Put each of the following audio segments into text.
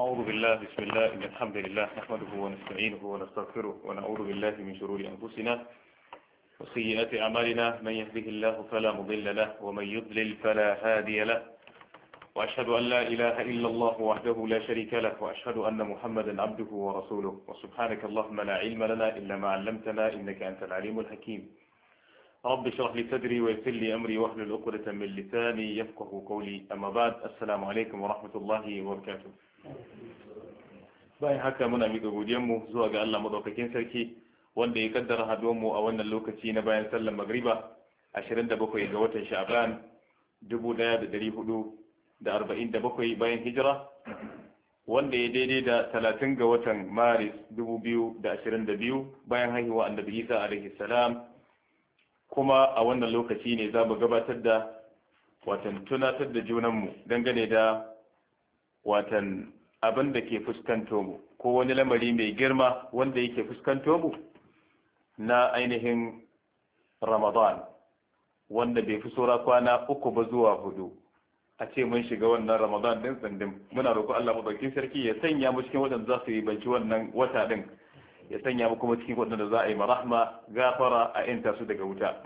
أعوذ بالله بسم الله إن الحمد لله نحمده ونستعينه ونستغفره ونعوذ بالله من شرور أنفسنا وسيئات أعمالنا من يهده الله فلا مضل له ومن يضلل فلا هادي له وأشهد أن لا إله إلا الله وحده لا شريك له وأشهد أن محمدا عبده ورسوله وسبحانك اللهم لا علم لنا إلا ما علمتنا إنك أنت العليم الحكيم رب اشرح لي صدري ويسر لي امري واحلل عقدة من لساني يفقه قولي اما بعد السلام عليكم ورحمة الله وبركاته bayan haka muna miƙa godiyanmu zuwa ga Allah madaukakin sarki wanda ya kaddara haduwanmu a wannan lokaci na bayan sallar magriba 27 ga watan sha'ban 1447 bayan hijira wanda ya daidai da 30 ga watan maris 2022 bayan haihuwa annabi isa alaihi salam kuma a wannan lokaci ne za mu gabatar da watan tunatar da junanmu dangane da watan abin da ke fuskanto mu ko wani lamari mai girma wanda yake fuskanto mu na ainihin ramadan wanda bai fi saura kwana uku ba zuwa hudu a ce mun shiga wannan ramadan din tsindin muna roƙo Allah madaukakin sarki ya sanya mu cikin waɗanda za su yi banci wannan wata din ya sanya mu kuma cikin waɗanda za a yi marahma gafara a yanta su daga wuta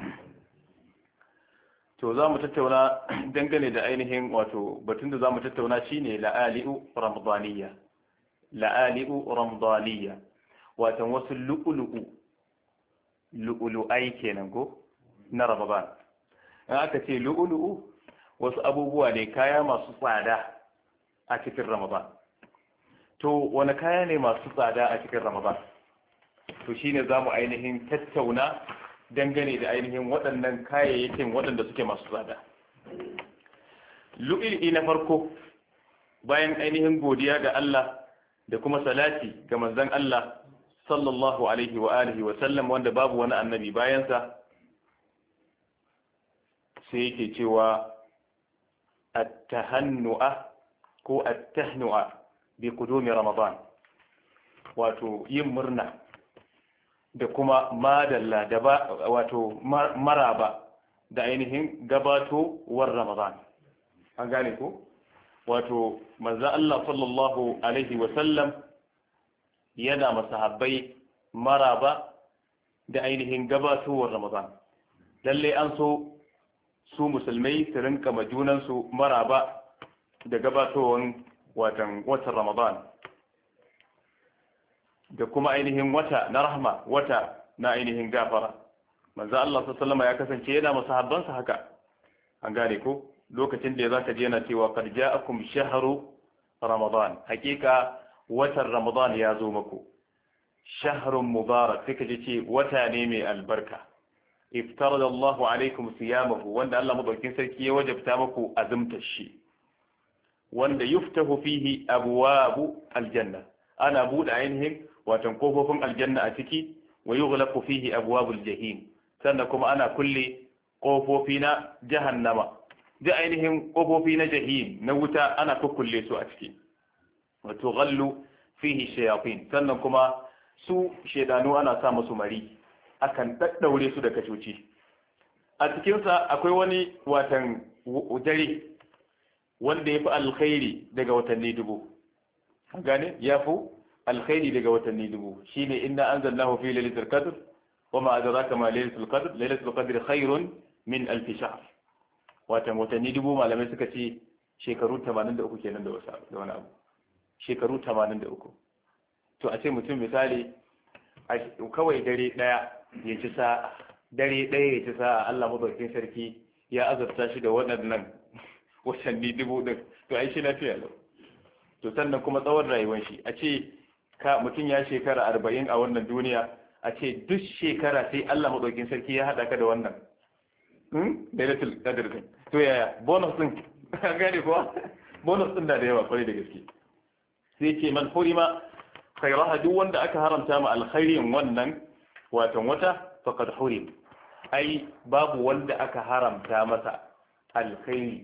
to za mu tattauna dangane da ainihin wato batun da za mu tattauna shi shine la'ali'u ramadaniya la'ali'u ramadaniya watan wasu lu'ulu'u lu'ulu'ai kenan ko na ramadan in aka ce lu'ulu'u wasu abubuwa ne kaya masu tsada a cikin ramadan to wani kaya ne masu tsada a cikin ramadan to shine za mu ainihin tattauna dangane da ainihin waɗannan kayayyakin waɗanda suke masu tsada lu'il'i na farko bayan ainihin godiya ga Allah da kuma salati ga manzon Allah sallallahu alaihi wa alihi wa sallam wanda babu wani annabi bayansa sai yake cewa at-tahannu'a ko at-tahnu'a bi qudumi ramadan wato yin murna da kuma madalla da ba wato maraba da ainihin gabato war ramadan an gane ko wato manzo Allah sallallahu alaihi wa sallam yana masahabbai maraba da ainihin gabatowar ramadan lalle an so su musulmai su rinka su maraba da gabatowar watan watan ramadan da kuma ainihin wata na rahma wata na ainihin gafara manzo Allah sallallahu ya kasance yana masahabbansa haka an gane ko lokacin da zaka je yana cewa qad ja'akum shahru ramadan hakika watan ramadan ya zo muku shahrun mubarak sai ka ce wata ne mai albarka iftarada Allah alaikum siyamahu wanda Allah madaukin sarki ya wajabta muku azumtar shi wanda yuftahu fihi abwabu aljanna ana buɗe ainihin watan kofofin aljanna a ciki wa yughlaqu fihi abwabul jahim sannan kuma ana kulle kofofi na jahannama ji ainihin kofofi na jahim na wuta ana kulle su a ciki wa tughallu fihi shayafin, sannan kuma su shedanu ana sa musu mari akan daddaure su da kacoci a cikinsa akwai wani watan dare wanda ya fi alkhairi daga watanni dubu gane ya fi alkhairi daga watanni dubu shine inna anzalnahu fi lailatul qadr wama adraka ma lailatul qadr lailatul qadr khairun min alf shahr watan watanni dubu malamai suka ce shekaru 83 kenan da wasa da wani abu shekaru 83 to a ce mutum misali kawai dare daya ya ci sa'a dare daya ya ci sa'a Allah madaukakin sarki ya azabta shi da waɗannan watanni dubu din to ai shi lafiya lau to sannan kuma tsawon rayuwar shi a ce ka mutum ya shekara arba'in a wannan duniya a ce duk shekara sai Allah maɗaukin sarki ya haɗa ka da wannan hmm? lailatul qadr din to yaya bonus din an gane kuwa bonus din da da yawa kwarai da gaske sai ce man hurima khairaha duk wanda aka haramta ma alkhairin wannan watan wata faqad hurim ai babu wanda aka haramta masa alkhairi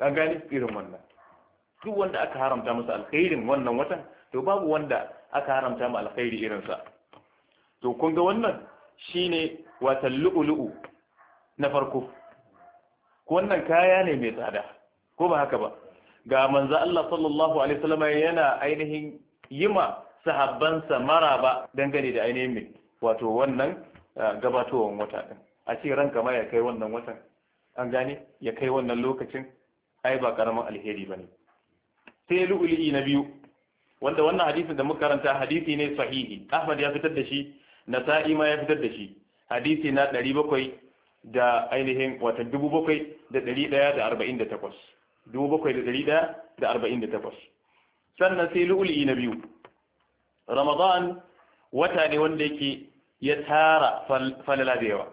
an gane irin wannan duk wanda aka haramta masa alkhairin wannan watan to babu wanda aka haramta mu alkhairi irinsa to kun ga wannan shine wata lu'lu'u na farko wannan kaya ne mai tsada ko ba haka ba ga manzo Allah sallallahu alaihi wasallam yana ainihin yima sahabbansa maraba dangane da ainihin mai wato wannan ah, gabatowar wata din a ce ranka ma ya kai wannan watan an gane ya kai wannan lokacin ai ba karamin alheri bane sai lu'ulu'i na biyu wanda wannan hadisin da muka karanta hadisi ne sahihi Ahmad ya fitar da shi Nasa'i ma ya fitar da shi hadisi na 700 da ainihin wata 7148 7148 sannan sai lu'uli na biyu Ramadan wata ne wanda yake ya tara falala da yawa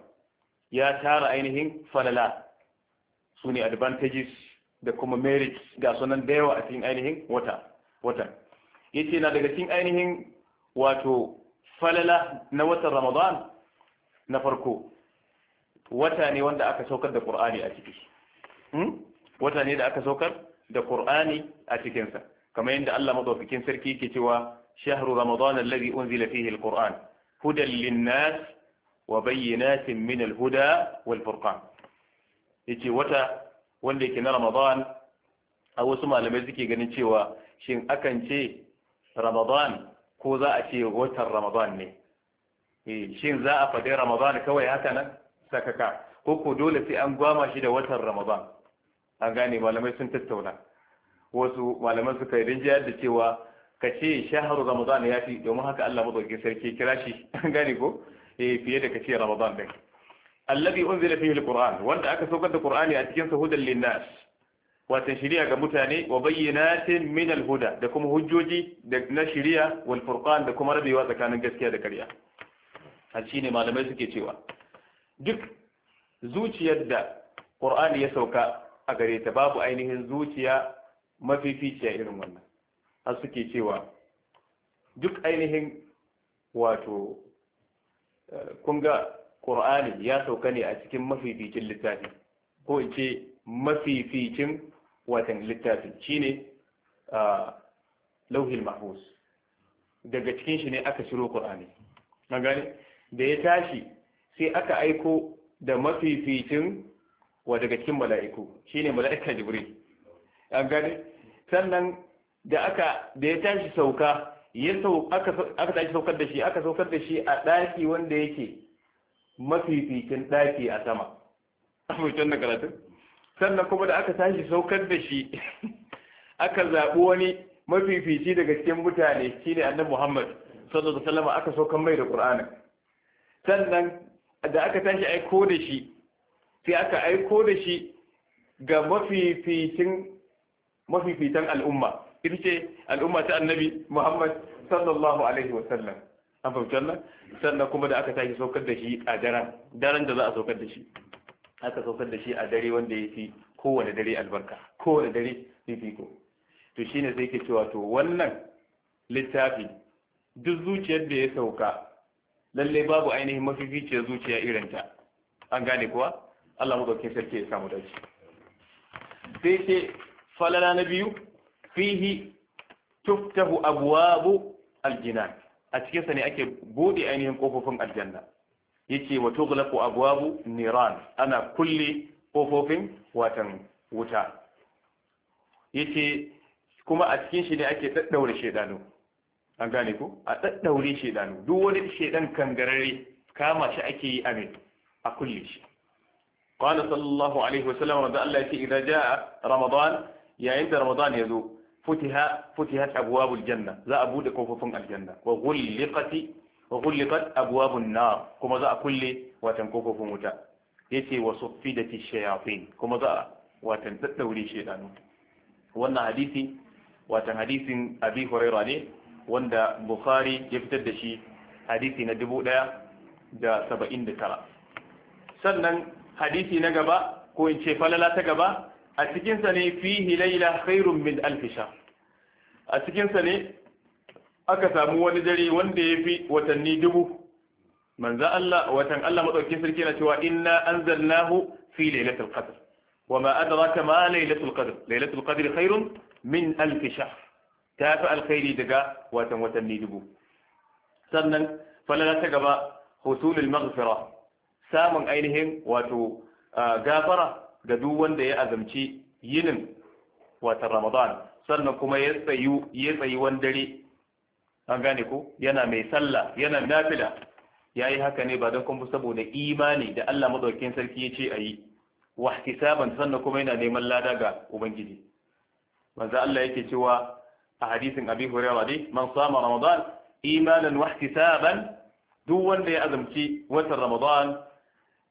ya tara ainihin falala su ne advantages da kuma merits ga sunan da yawa a cikin ainihin wata watan yace na daga cikin ainihin wato falala na watan Ramadan na farko wata ne wanda aka saukar da Qur'ani a ciki hmm? wata ne da aka saukar da Qur'ani a cikin sa kamar yadda Allah madaukakin sarki yake cewa shahru ramadan alladhi unzila fihi alquran hudan linnas wa bayyinatin min alhuda wal furqan yace wata wanda yake na Ramadan a wasu malamai suke ganin cewa shin akan ce ramadan ko za a ce watan ramadan ne eh, shin za a faɗi ramadan kawai haka nan sakaka ko ko dole sai an gwama shi da watan ramadan an gane malamai sun tattauna wasu malamai suka yi rinjiyar da cewa ka ce shaharu ramadan ya fi domin haka Allah madaukakin sarki kira shi an gane ko eh fiye da ka ce ramadan din allazi unzila fihi alquran wanda aka saukar da qur'ani a cikin sahudan linnas watan shiriya ga mutane wa bayyinatin min al-huda da kuma hujjoji na shiriya wal furqan da kuma rabewa tsakanin gaskiya da ƙarya a shine malamai suke cewa duk zuciyar da Qur'ani ya sauka a gare ta babu ainihin zuciya mafificiya irin wannan har suke cewa duk ainihin wato eh, kun ga Qur'ani ya sauka ne a cikin mafificin littafi ko in mafificin watan littafi ne lauhil mahfuz daga cikin shi ne aka shiro qur'ani magani da ya tashi sai aka aiko da mafificin wa daga cikin mala'iku shi ne mala'ika jibril magani sannan da aka da ya tashi sauka ya aka sauka tashi saukar da shi aka saukar da shi a daki wanda yake mafificin daki a sama a mutum da karatun sannan kuma da aka tashi saukar da shi aka zaɓi wani mafifici daga cikin mutane shine annabi Muhammad sallallahu alaihi wasallam aka saukar mai da Qur'ani sannan da aka tashi aiko da shi sai aka aiko da shi ga mafificin mafificin al'umma ita ce al'umma ta annabi Muhammad sallallahu alaihi wasallam an fahimci wannan sannan kuma da aka tashi saukar da shi a daren daren da za a saukar da shi aka saukar da shi a dare wanda ya fi kowane dare albarka kowane dare fifiko to shine sai ke cewa to wannan littafi duk zuciyar da ya sauka lalle babu ainihin mafificiyar zuciya irinta an gane kuwa Allah madaukakin sarki ya samu dace sai ce falala na biyu fihi tuftahu abwabu aljinan a cikin sa ne ake bude ainihin kofofin aljanna yake wa tughlaqu abwabu niran ana kulle kofofin watan wuta yace kuma a cikin shi ne ake daddaure shedanu an gane ko a daddaure shedanu duk wani shedan kangarare kama shi ake yi amin a kulle shi قال صلى الله عليه وسلم رضى الله إذا جاء رمضان يا عند رمضان يزو فتح فتحت أبواب الجنة ذا أبو لكوفف الجنة وغلقت wa ghulqat abwabun nar kuma za a kulle watan kofofin wuta yace wa suffidati shayatin kuma za watan daddaure shedanu wannan hadisi watan hadisin abi huraira ne wanda bukhari ya fitar da shi hadisi na dubu ɗaya da saba'in da tara sannan hadisi na gaba ko in ce falala ta gaba a cikinsa ne fi la'ila, khairun min alfisha a cikinsa ne aka samu wani dare wanda ya fi watanni dubu manzo Allah watan Allah madaukakin sarki na cewa inna hu fi lailatul qadr wama adraka ma lailatul qadr lailatul qadr khairun min alf shahr ta fi alkhairi daga watan watanni dubu sannan falala ta gaba husulul maghfira samun ainihin wato gafara ga duk wanda ya azamci yinin watan Ramadan sannan kuma ya tsayu ya tsayi wani dare an gane ko yana mai sallah yana nafila yayi haka ne ba don kuma saboda imani da Allah madaukakin sarki ya ce ayi wa ihtisaban sannan kuma yana neman lada ga ubangiji manzo Allah yake cewa a hadisin Abi Hurairah dai man sama Ramadan imanan wa ihtisaban duk wanda ya azumci watan Ramadan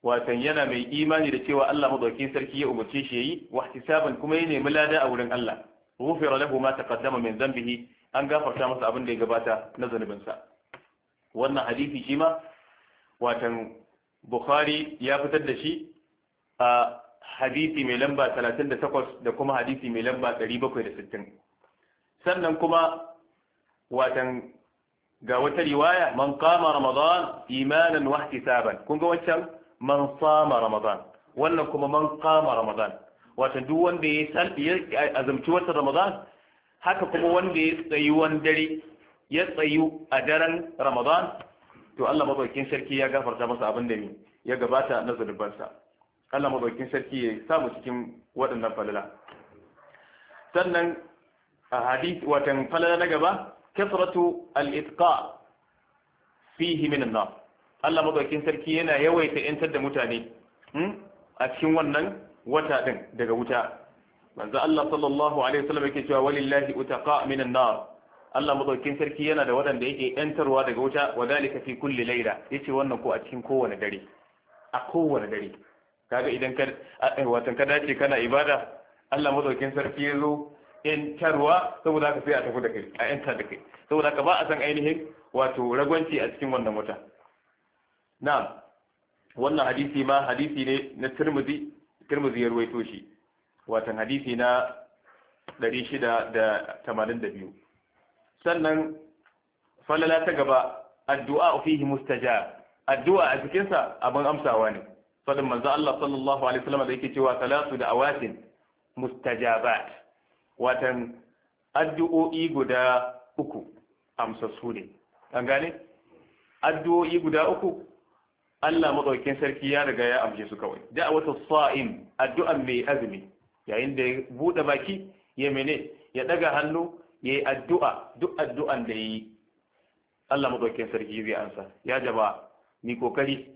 watan yana mai imani da cewa Allah madaukakin sarki ya umarce shi yayi wa ihtisaban kuma ya nemi lada a wurin Allah ghufira lahu ma taqaddama min dhanbihi an gafarta masa abin da ya gabata na zanubinsa wannan hadisi shi ma watan bukhari ya fitar da shi a hadisi mai lamba 38 da kuma hadisi mai lamba 760 sannan kuma watan ga wata riwaya man kama ramadan imanan wa ihtisaban kun ga wancan man sama ramadan wannan kuma man kama ramadan watan duk wanda ya azamci watan ramadan haka kuma wanda ya tsayu wani dare ya tsayu a daren ramadan to Allah madaukakin sarki ya gafarta masa abin da ne ya gabata na zunubansa Allah madaukakin sarki ya samu cikin waɗannan falala sannan a hadith watan falala na gaba kasratu al-itqa fihi min an-nar Allah madaukakin sarki yana yawaita yantar da mutane hmm, a cikin wannan wata din daga wuta manzo Allah sallallahu alaihi wasallam yake cewa walillahi utaqa minan nar Allah madaukin sarki yana da wadanda yake yantarwa daga wuta wadalika fi kulli layla yace wannan ko a cikin kowane dare a kowane dare kaga idan ka eh, watan ka dace kana ibada Allah madaukin sarki yazo yantarwa saboda haka sai a tafi da kai a yanta da kai saboda haka ba a san ainihin wato ragwanci a cikin wannan wuta na wannan hadisi ma hadisi ne na Tirmidhi Tirmidhi ya ruwaito shi watan hadisi na 682 sannan falala ta gaba addu'a fihi mustajab addu'a a cikin sa abin amsawa ne fadin manzo Allah sallallahu alaihi wasallam da yake cewa salatu da awatin mustajabat watan addu'o'i guda uku amsa su ne an gane addu'o'i guda uku Allah madaukakin sarki ya riga ya amshe su kawai da'watus sa'im addu'an mai azumi yayin da ya buɗe baki ya mene ya ɗaga hannu ya yi addu'a duk addu'an da ya yi Allah maɗauki sarki zai ansa ya jaba ni kokari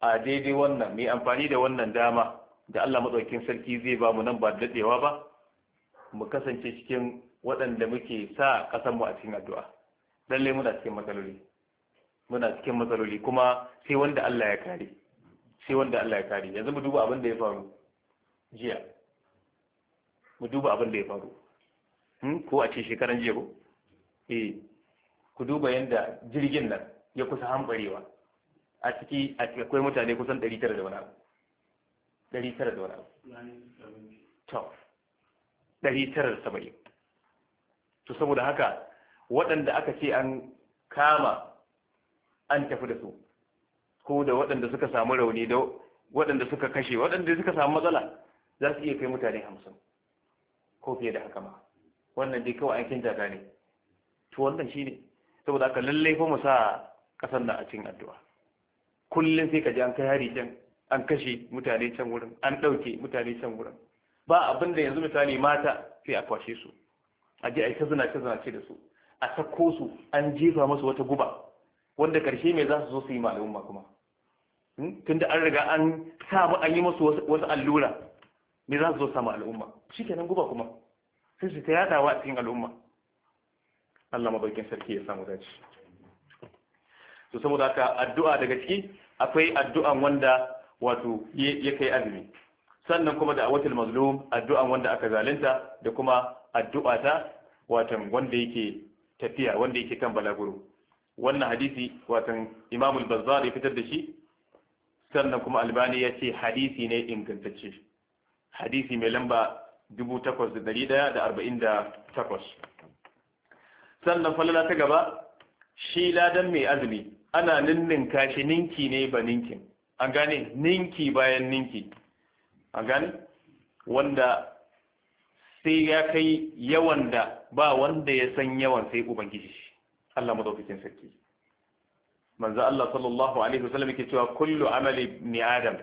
a daidai wannan mai amfani da wannan dama da Allah maɗauki sarki zai ba mu nan ba daɗewa ba mu kasance cikin waɗanda muke sa ƙasanmu a cikin addu'a lalle muna cikin matsaloli muna cikin matsaloli kuma sai wanda Allah ya kare sai wanda Allah ya kare yanzu mu duba abin da ya faru jiya mu duba abin da ya faru hmm? ko a ce shekaran jiya ko eh ku duba yadda jirgin nan ya kusa hambarewa a ciki akwai mutane kusan 900 da wani abu 900 da wani abu to 970 to saboda haka waɗanda aka ce an kama an tafi da su ko da waɗanda suka samu rauni da waɗanda suka kashe waɗanda suka samu matsala za su iya kai mutane hamsin ko fiye da haka ma wannan dai kawai aikin jaka ne to wannan shi ne saboda aka lallai ko mu sa kasan nan a cikin addu'a kullum sai ka ji an kai hari can an kashe mutane can wurin an ɗauke mutane can wurin ba abin da yanzu misali mata sai a kwashe su a je a yi ta zinace zinace da su a sako su an jefa musu wata guba wanda karshe mai za su zo su yi ma kuma hmm? tunda an riga an sa an yi musu wasu allura me za su zo samu al'umma Shi kenan guba kuma sai su ta wa a cikin al'umma Allah mabarkin sarki ya samu dace to saboda haka addu'a daga ciki akwai addu'an wanda wato ya kai azumi sannan kuma da awatul mazlum addu'an wanda aka zalunta da kuma addu'a ta watan wanda yake tafiya wanda yake kan balaguro wannan hadisi watan imamul bazzar ya fitar da shi sannan kuma albani ya ce hadisi ne ingantacce hadisi mai lamba 8148 sannan falala ta gaba shi ladan mai azumi ana ninninka shi ninki ne ba ninkin an gane ninki bayan ninki an gane wanda sai ya kai yawan da ba wanda ya san yawan sai ubangiji Allah madaukakin sarki manzo Allah sallallahu alaihi wasallam yake cewa kullu amali ibn adam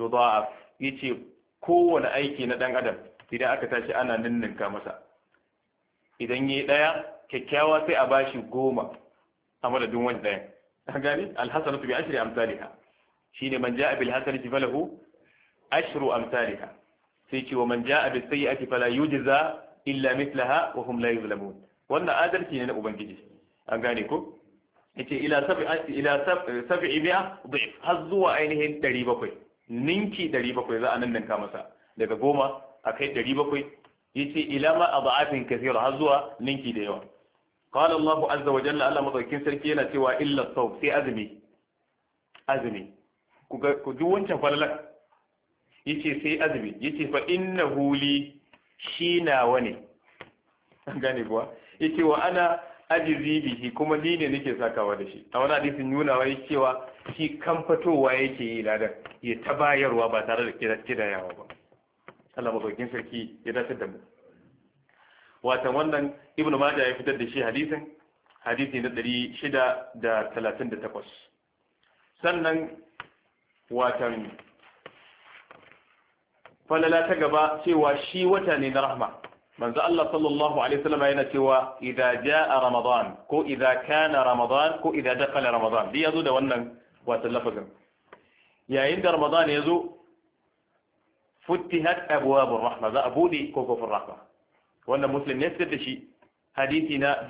yudha'af yace kowane aiki na dan adam idan aka tashi ana ninninka masa idan yayi daya kyakkyawa sai a bashi goma a madadin wani dayan gani alhasanatu bi ashri amsalha shine man jaa bil hasanati falahu ashru amsalha sai ce wa man jaa bis sayyi'ati fala yujza illa mithlaha wa hum la yuzlamun wannan adalci ne na ubangiji an gane ko yace ila sab'i ila sab'i bi'a dhif har zuwa ainihin 700 ninki bakwai za a nan ninka masa daga goma a kai dari bakwai. ya ce ila ma aba'atin kathira har zuwa ninki da yawa qala Allahu azza wajen na Allah madaukakin sarki yana cewa illa sau sai azumi azumi ku ga wancan falalar ce sai azumi Ya ce fa innahu huli shi wani. ne gane kuwa ce wa ana ajizi bihi kuma ni ne nake sakawa da shi a wani hadisin nuna wa cewa shi kan fitowa yake yi ladan ya ta bayarwa ba tare da kidayawa ba Allah mabukin sarki ya dace da mu watan wannan ibnu majah ya fitar da shi hadisin hadisi na 638 sannan watan falala ta gaba cewa shi wata ne na rahma manzo Allah sallallahu alaihi wasallam yana cewa idza jaa ramadan ko idza kana ramadan ko idza dakala ramadan bi yazo da wannan wata lafazin yayin da ramadan ya zo futtihat abwabur rahma za a ko kofofin rahma wannan musulun ne fitar da shi hadisi na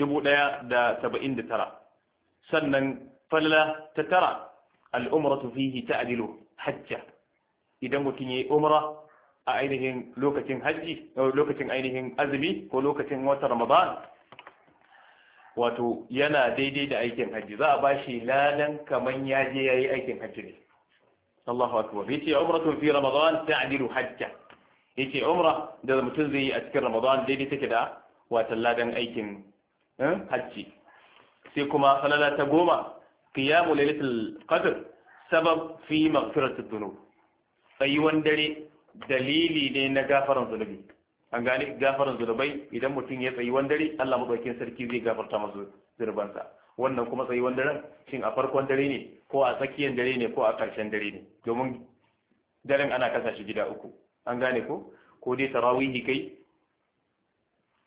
tara sannan falala ta tara al'umratu fihi ta'dilu hajja idan mutum yi umra a ainihin lokacin haji lokacin ainihin azumi ko lokacin wata ramadan wato yana daidai da aikin hajji za a ba shi ladan kamar ya je ya yi aikin hajji ne Allahu akbar yace umratun fi ramadan ta'dilu hajja yace umra da mutum zai yi a cikin ramadan daidai take da wato ladan aikin eh, hajji sai kuma salala ta goma qiyamu lailatul qadr sabab fi maghfiratid dhunub tsayuwan dare dalili ne na gafaran zunubi an gane gafaran zunubai idan mutum ya tsayi dare Allah maɗaukin sarki zai gafarta masa zunubansa wannan kuma tsayi daren shin a farkon dare ne ko a tsakiyar dare ne ko a ƙarshen dare ne domin daren ana kasa shi gida uku an gane ko ko dai tarawihi kai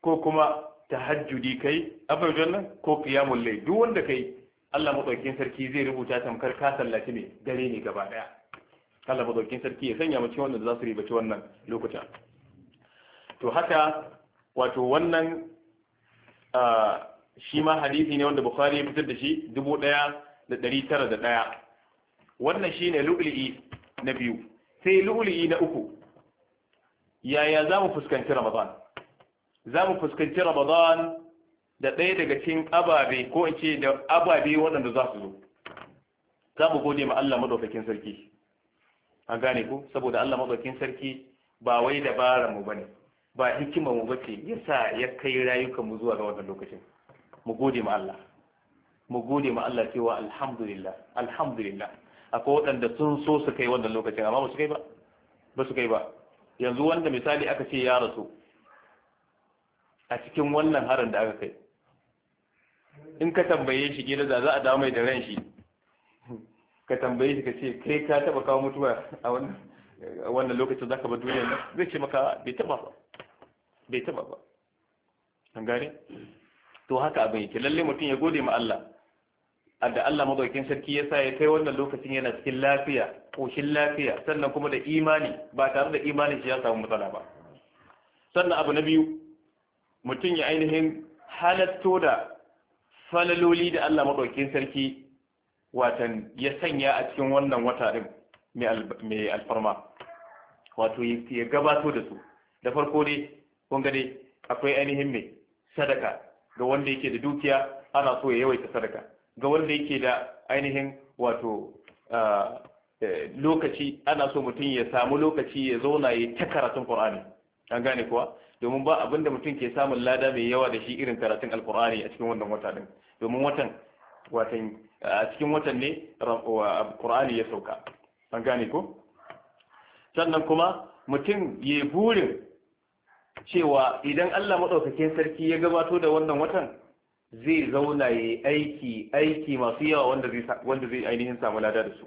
ko kuma tahajjudi kai abin nan ko kiyamun lai duk wanda kai Allah maɗaukin sarki zai rubuta tamkar ka sallaci ne dare ne gaba daya Allah maɗaukin sarki ya sanya mace wanda za su ribaci wannan lokacin to haka wato wannan shi ma hadisi ne wanda bukhari ya fitar da shi dubu ɗaya da ɗari tara da ɗaya wannan shi ne lu'li'i na biyu sai lu'li'i na uku yaya za mu fuskanci ramadan za mu fuskanci ramadan da ɗaya daga cikin ababe ko in ce da ababe waɗanda za su zo za mu gode ma Allah madaukakin sarki an gane ku saboda Allah madaukakin sarki ba wai dabaran mu ne. ba hikimar mu bace yasa ya kai rayukan mu zuwa ga wannan lokacin mu gode ma Allah mu gode ma Allah cewa alhamdulillah alhamdulillah akwai waɗanda sun so su kai wannan lokacin amma ba su kai ba ba su kai ba yanzu wanda misali aka ce ya rasu a cikin wannan harin da aka kai in ka tambaye shi gida da za a dawo mai da ran shi ka tambaye shi ka ce kai ka taba kawo mutuwa a wannan lokacin zaka bar duniya. zai ce maka bai taba ba bai taba ba an gane to haka abin yake lalle mutum ya gode ma Allah da Allah madaukakin sarki ya sa ya kai wannan lokacin yana cikin lafiya koshin lafiya sannan kuma da imani ba tare da imani shi ya samu matsala ba sannan abu na biyu mutum ya ainihin halatto da falaloli da Allah madaukakin sarki watan ya sanya a cikin wannan wata din mai alfarma wato ya gabato da su da farko dai kun ga akwai ainihin mai sadaka ga wanda yake da dukiya ana so ya yawaita sadaka ga wanda yake da ainihin wato e, lokaci ana so mutum ya samu lokaci ya zauna ya ta karatun Qur'ani an gane kuwa domin ba abin da mutum ke samun lada mai yawa da shi irin karatun alqur'ani a cikin wannan wata din domin watan watan a cikin watan ne alkur'ani ya sauka an gane ko sannan kuma mutum ya burin cewa idan Allah maɗaukakin sarki ya gabato da wannan watan zai zauna ya aiki aiki masu yawa wanda zai ainihin samu lada da su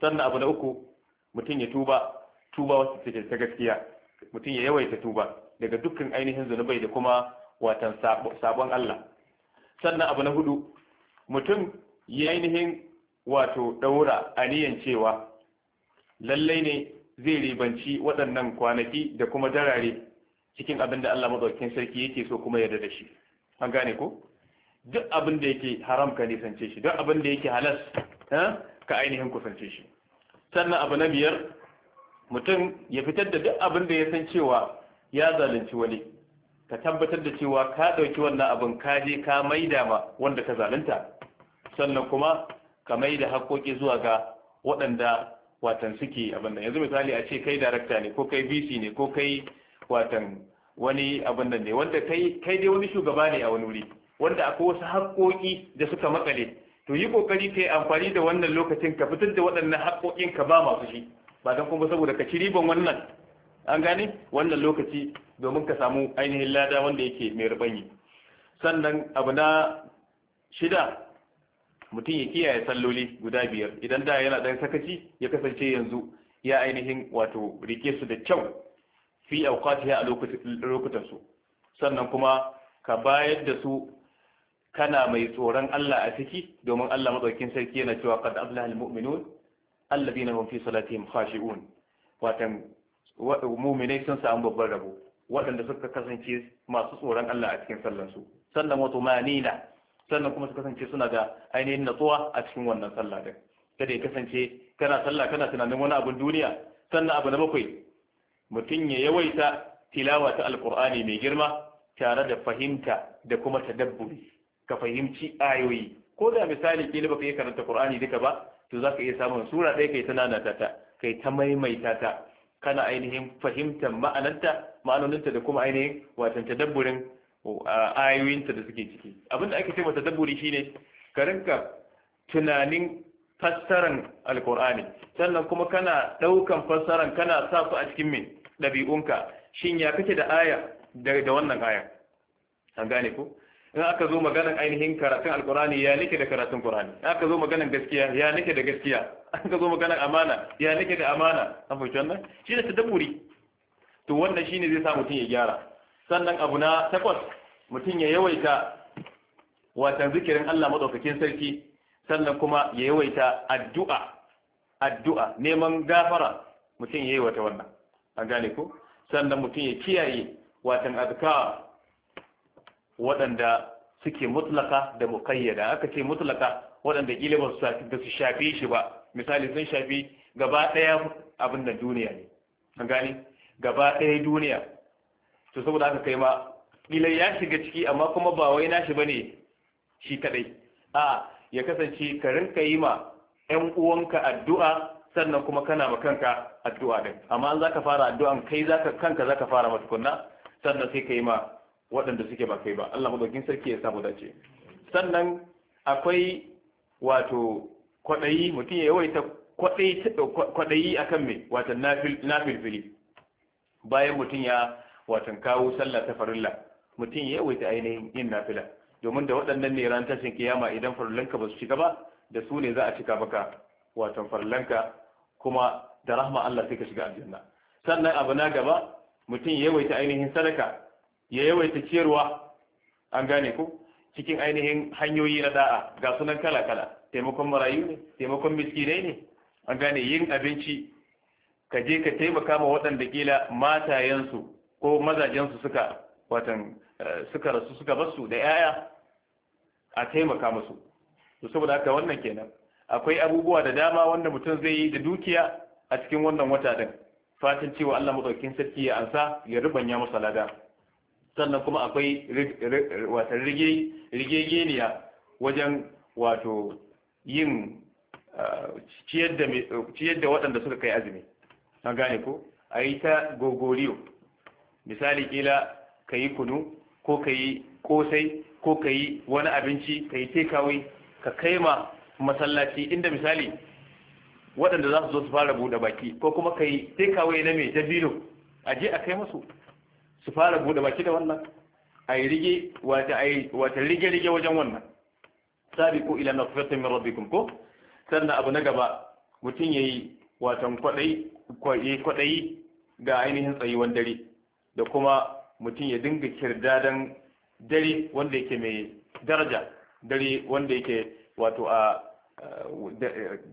sannan abu na uku mutum ya tuba tuba wasu take ta gaskiya mutum ya yawaita tuba daga dukkan ainihin zunubai da kuma watan sabon Allah sannan abu na hudu mutum ya ainihin wato daura aniyan cewa lallai ne zai ribanci waɗannan kwanaki da kuma darare cikin abin da Allah madaukakin sarki yake so kuma yarda da shi an gane ko duk abin da yake haram ka nisance shi duk abin da yake halas ka ainihin kusance shi sannan abu na biyar mutum ya fitar da duk abin da ya san cewa ya zalunci wani ka tabbatar da cewa ka ɗauki wannan abin ka je ka maida ma wanda ka zalunta sannan kuma ka maida haƙoƙi zuwa ga waɗanda watan suke abin da yanzu misali a ce kai darakta ne ko kai vc ne ko kai watan wani abin nan ne wanda kai kai dai wani shugaba ne a wani wuri wanda akwai wasu haƙoƙi da suka makale to yi kokari kai amfani da wannan lokacin ka fitar da waɗannan haƙoƙin ka ba masu shi ba dan kuma saboda ka ci riban wannan an gane wannan lokaci domin ka samu ainihin lada wanda yake mai rubanyi sannan abu na shida mutum ya kiyaye salloli guda biyar idan da yana ɗan sakaci ya kasance yanzu ya ainihin wato rike su da kyau fi awqatiha a lokutan su sannan kuma ka bayar da su kana mai tsoron Allah a ciki domin Allah madaukakin sarki yana cewa qad aflaha almu'minun alladhina hum fi salatihim khashi'un watan mu'minai sun samu babban rabo waɗanda suka kasance masu tsoron Allah a cikin sallar su sannan wato manina sannan kuma suka kasance suna da ainihin natsuwa a cikin wannan sallah din kada ya kasance kana sallah kana tunanin wani abun duniya sannan abu na bakwai mutum ya yawaita tilawa ta alkur'ani mai girma tare da fahimta da kuma tadabburi ka fahimci ayoyi ko da misali kila baka iya karanta qur'ani duka ba to zaka iya samun sura ɗaya kai ta nanata ta kai ta maimaita ta kana ainihin fahimtar ma'ananta ma'anoninta da kuma ainihin watan tadabburin ayoyinta da suke ciki abin da ake ce mata tadabburi shine ka rinka tunanin fassaran alkur'ani sannan kuma kana ɗaukan fassaran kana sa su a cikin min ɗabi'unka shin ya kake da aya da wannan aya an gane ku in aka zo maganar ainihin karatun alkurani ya nake da karatun kurani in aka zo maganar gaskiya ya nake da gaskiya in aka zo maganar amana ya nake da amana an fahimci wannan shi ne tadabburi to wannan shine zai sa mutum ya gyara sannan abu na takwas mutum ya yawaita watan zikirin Allah madaukakin sarki sannan kuma ya yawaita addu'a addu'a neman gafara mutum ya yawaita wannan a gane ku sannan mutum ya kiyaye watan azkar waɗanda suke mutlaka da muƙayyada aka ce mutlaka waɗanda ƙila ba su shafi shi ba misali sun shafi gaba ɗaya abin da duniya ne a gane gaba ɗaya duniya to saboda haka kai ma ƙila ya shiga ciki amma kuma ba wai nashi ne shi kaɗai a ya kasance ka rinka yi ma 'yan uwanka addu'a sannan kuma kana ma kanka addu'a din amma an zaka fara addu'an kai zaka kanka zaka fara ma tukunna sannan sai kai ma waɗanda suke ba kai ba Allah madaukin sarki ya samu dace sannan akwai wato kwaɗayi mutum ya yawaita kwaɗayi akan me wato nafilfili bayan mutum ya wato kawo sallah ta farilla mutum ya yawaita ainihin yin nafila domin da waɗannan ne ran tashin kiyama idan farillanka ba su cika ba da su ne za a cika baka wato farlanka kuma da rahma Allah sai ka shiga aljanna sannan abu na gaba mutum ya yawaita ainihin sadaka ya yawaita ciyarwa an gane ku cikin ainihin hanyoyi na da'a ga sunan kala kala taimakon marayu ne taimakon miskinai ne an gane yin abinci ka je ka taimaka ma waɗanda kila matayensu ko mazajensu suka watan eh, suka rasu suka basu da yaya a taimaka musu to saboda haka wannan kenan akwai abubuwa da dama wanda mutum zai yi da dukiya a cikin wannan wata din fatan cewa Allah madaukakin sarki ya ansa ya rubanya masa lada sannan kuma akwai wata geniya wajen wato yin ah, ciyar da waɗanda suka kai azumi an gane ko a ta gogoriyo misali kila ka kunu ko ka yi kosai ko ka wani abinci ka yi kawai ka kaima masallaci inda misali waɗanda za su zo su fara buɗe baki ko kuma ka yi takeaway na mai jabiru a je a kai musu su fara buɗe baki da wannan a yi rige wata rige-rige wajen wannan ko ila nafratin min rabbikum ko sannan abu na gaba mutum yi watan kwaɗayi ga ainihin tsayuwan dare da kuma mutum ya dinga kirdadan dare wanda yake mai daraja dare wanda yake wato a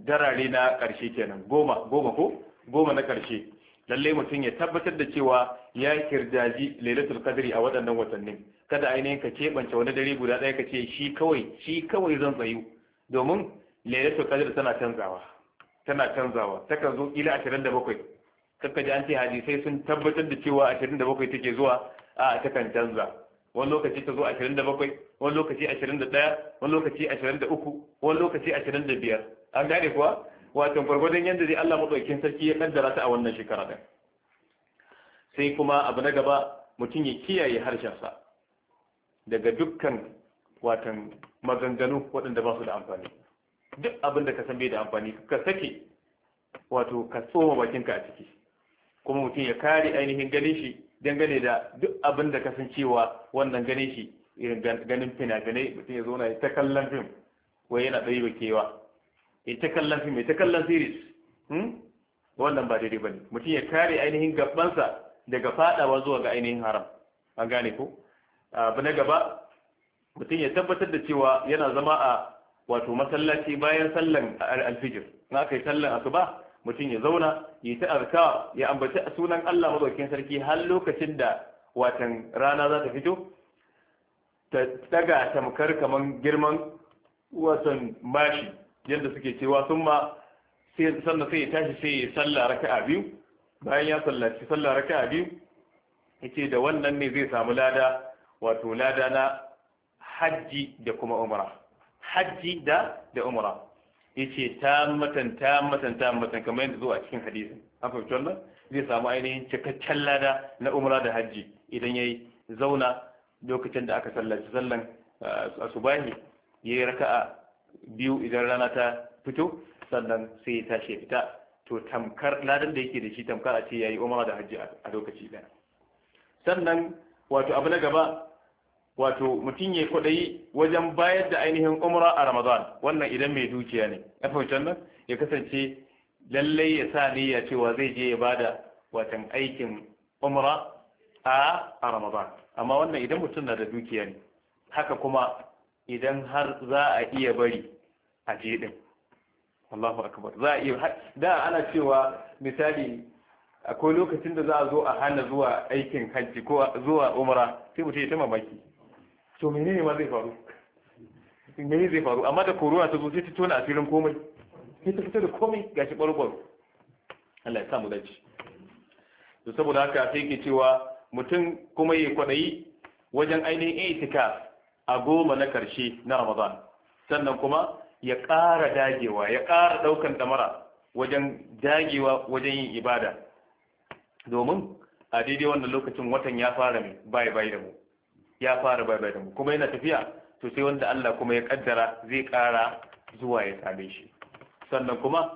darare na ƙarshe kenan goma goma ko goma na ƙarshe lallai mutum ya tabbatar da cewa ya kirjaji lailatul qadri a waɗannan watannin kada ainihin ka keɓance wani dare guda ɗaya ka ce shi kawai shi kawai zan tsayu domin lailatul qadr tana canzawa tana canzawa takan zo kila 27 kakka ji an ce hadisai sun tabbatar da cewa 27 take zuwa a takan canza wani lokaci ta zo 27 wani lokaci 21 wani lokaci 23 wani lokaci 25 an gane kuwa wato gwargwadon yadda zai Allah madaukakin sarki ya kaddara ta a wannan shekara da. sai kuma abu na gaba mutum ya kiyaye harshensa daga dukkan watan maganganu waɗanda ba su da amfani duk abin da ka san bai da amfani ka sake wato ka tsoma bakinka a ciki kuma mutum ya kare ainihin ganin shi dangane da duk abin da cewa wannan gane shi ganin fina-finai mutum ya zauna ya ta kallon fim wai yana ɗari ba kewa ya ta kallon fim ya ta kallon series hmm? wannan ba daidai ba ne mutum ya kare ainihin gabansa daga fadawa zuwa ga ainihin haram an gane ko abu na gaba mutum ya tabbatar da cewa yana zama a wato masallaci bayan sallan alfijir na aka yi sallan asuba mutum ya zauna ya ta azkar ya ambaci sunan Allah madaukakin sarki har lokacin da watan rana za ta fito ta daga tamkar kaman girman watan bashi yadda suke cewa sun ma sannan sai ya tashi sai ya salla a biyu bayan ya sallaci salla a biyu yace da wannan ne zai samu lada wato lada na hajji da kuma umra hajji da da umra yace ta-matanta-matanta-matan, kamar yadda zuwa cikin hadisin an fahimci wannan zai samu ainihin cikakken lada na umra da hajji idan yayi zauna lokacin da aka sallaci sallan uh, asubahi yayi raka'a biyu idan rana ta fito sannan sai ya tashi fita to tamkar ladan da yake da shi tamkar a ce yayi umra da hajji a lokaci ɗaya sannan wato abu na gaba wato mutum ya kwaɗayi wajen bayar da ainihin umra a ramadan wannan idan mai dukiya ne ya fahimtar nan ya kasance lallai ya sa niyya cewa zai je ya bada watan aikin umra a a ramadan amma wannan idan mutum na da dukiya ne haka kuma idan har za a iya bari a je din Allahu akbar za a iya da ana cewa misali akwai lokacin da za a zo a hana zuwa aikin hajji ko zuwa umra sai mutum ya ta mamaki to menene ma zai faru menene zai faru amma da corona ta zo sai ta tona a filin komai sai ta fito da komai gashi barbaro Allah ya samu dace to saboda haka sai ke cewa mutum kuma ya kwadayi wajen ainihin aitika a goma na karshe na Ramadan sannan kuma ya ƙara dagewa ya ƙara ɗaukan damara wajen dagewa wajen yin ibada domin a daidai wannan lokacin watan ya fara mai bai bai da mu ya fara baibai da mu kuma yana tafiya to sai wanda Allah kuma ya kaddara zai kara zuwa ya same shi sannan kuma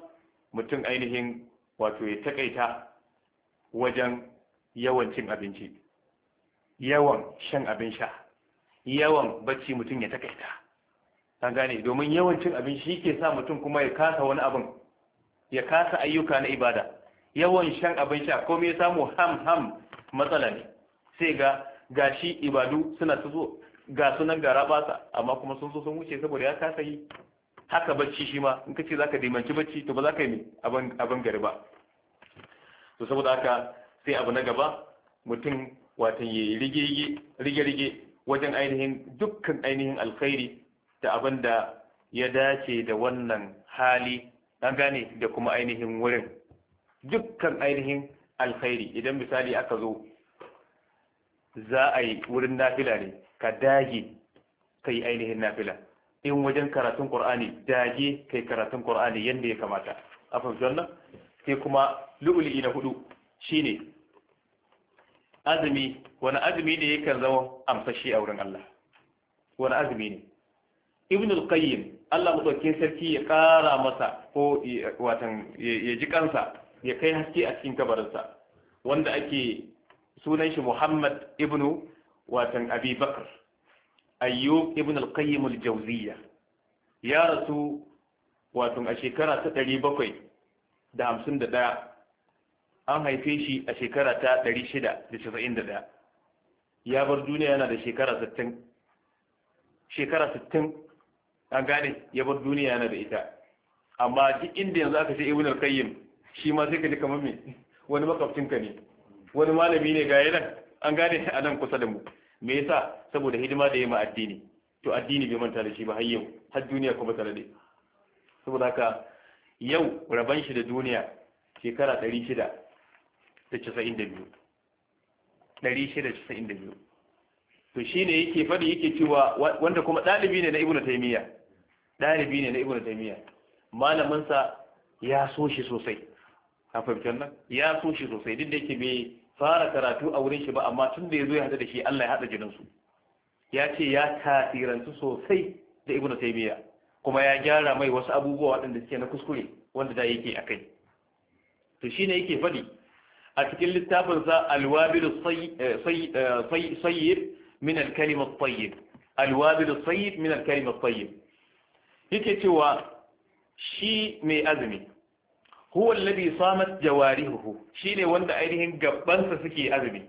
mutum ainihin wato ya takaita wajen yawan cin abinci yawan shan abin sha yawan bacci mutum ya takaita ta gane domin yawan cin abin shi ke sa mutum kuma ya kasa wani abin ya kasa ayyuka na ibada yawan shan abin sha me ya samu ham ham matsala ne sai ga gashi ibadu suna tazo zo ga sunan gara sa amma kuma sun so sun wuce saboda ya kasa yi haka bacci shi ma in ka ce zaka dimanci bacci to ba za ka yi ne abin gari ba to saboda haka sai abu na gaba mutum watan ya rige-rige wajen ainihin dukkan ainihin alkhairi da abinda ya dace da wannan hali an gane da kuma ainihin wurin dukkan ainihin alkhairi idan misali aka zo za a yi wurin nafila ne ka dage kai ainihin nafila in wajen karatun ƙur'ani dage kai karatun Kur'ani yadda ya kamata a fahimci wannan sai kuma lu'uli na hudu shine azumi wani azumi ne yakan zama amsashe a wurin Allah wani azumi ne ibn al-qayyim Allah mutsauki sarki ya kara masa ko watan ya ji kansa ya kai haske a cikin kabarinsa wanda ake sunan shi Muhammad ibnu watan Abi Bakr Ayyub ibn al-Qayyim al-Jawziyya ya rasu watan a shekara ta 751 an haife shi a shekara ta 691 ya bar duniya yana da shekara 60 shekara 60 an gane ya bar duniya yana da ita amma duk inda yanzu aka ce ibn al-Qayyim shi ma sai ka ji kamar me wani makafcinka ne wani malami ne ga yanan an gane a nan kusa da mu me yasa saboda hidima da yamma addini to addini bai manta da shi ba har yau har duniya kuma tare da saboda haka yau raban shi da duniya shekara 692 692 to shine yake fadi yake cewa wanda kuma dalibi ne na ibnu taymiya dalibi ne na ibnu taymiya malamin sa ya so shi sosai a fahimtar nan ya so shi sosai duk da yake bai fara karatu a wurin shi ba amma tun da ya zo ya hada da shi Allah ya hada jininsu ya ce ya tasirantu sosai da ibnu taymiya kuma ya gyara mai wasu abubuwa waɗanda suke na kuskure wanda da yake akai to shine yake faɗi a cikin littafin sa alwabil eh, eh, sayyib min al-kalima tayyib alwabil sayyib min al-kalima tayyib yake cewa shi mai azumi huwa alladhi samat jawarihu shine wanda ainihin gabansa suke azumi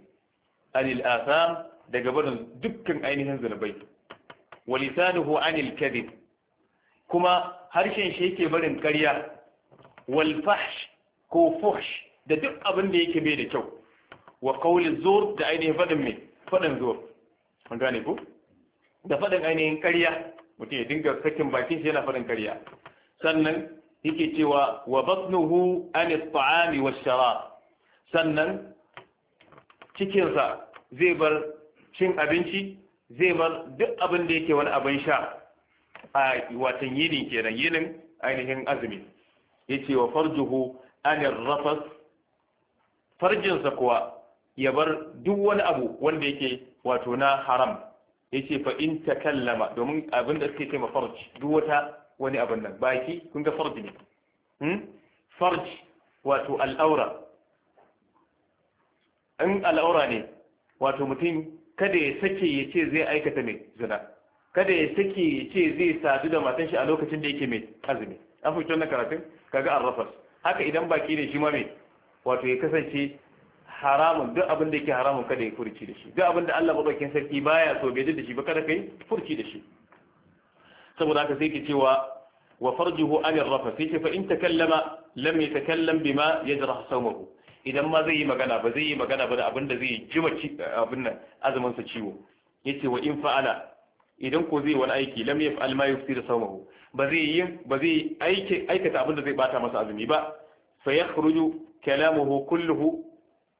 anil asam daga barin dukkan ainihin zunubai wa lisanuhu anil kadhib kuma harshen shi yake barin ƙarya wal fahsh ko fuhsh da duk abin da yake bai da kyau wa qawli zur da ainihin fadin mai fadin zur an gane ko da fadin ainihin ƙarya mutum ya dinga sakin bakin shi yana fadin ƙarya sannan yake cewa wa batnuhu an taami wash sannan cikinsa zai bar cin abinci zai bar duk abin da yake wani abin sha a watan yini kenan yinin ainihin azumi yace wa farjuhu an rafas farjinsa kuwa ya bar duk wani abu wanda yake wato na haram yace fa in takallama domin abin da suke ce mafarji duk wata wani abin nan baki kun ga farji ne hmm? farji wato al'aura in al'aura ne wato mutum kada ya sake ya ce zai aikata mai zina kada ya sake ya ce zai sadu da matan shi a lokacin da yake mai azumi an fi wannan karatun kaga arrafas haka idan baki ne shi ma mai wato ya kasance haramun duk abin da yake haramun kada ya furci da shi duk abin da Allah madaukakin sarki baya so bai da shi ba kada kai furci da shi saboda haka sai ke cewa wa farjuhu an rafa sai ce fa in takallama lam yatakallam bima yajrah sawmahu idan ma zai yi magana ba zai yi magana ba da abin da zai ji abin nan azumin sa ciwo yace wa in fa'ala idan ko zai wani aiki lam yaf'al ma yufsir sawmahu ba zai yi ba zai aike aikata abin da zai bata masa azumi ba fa yakhruju kalamuhu kulluhu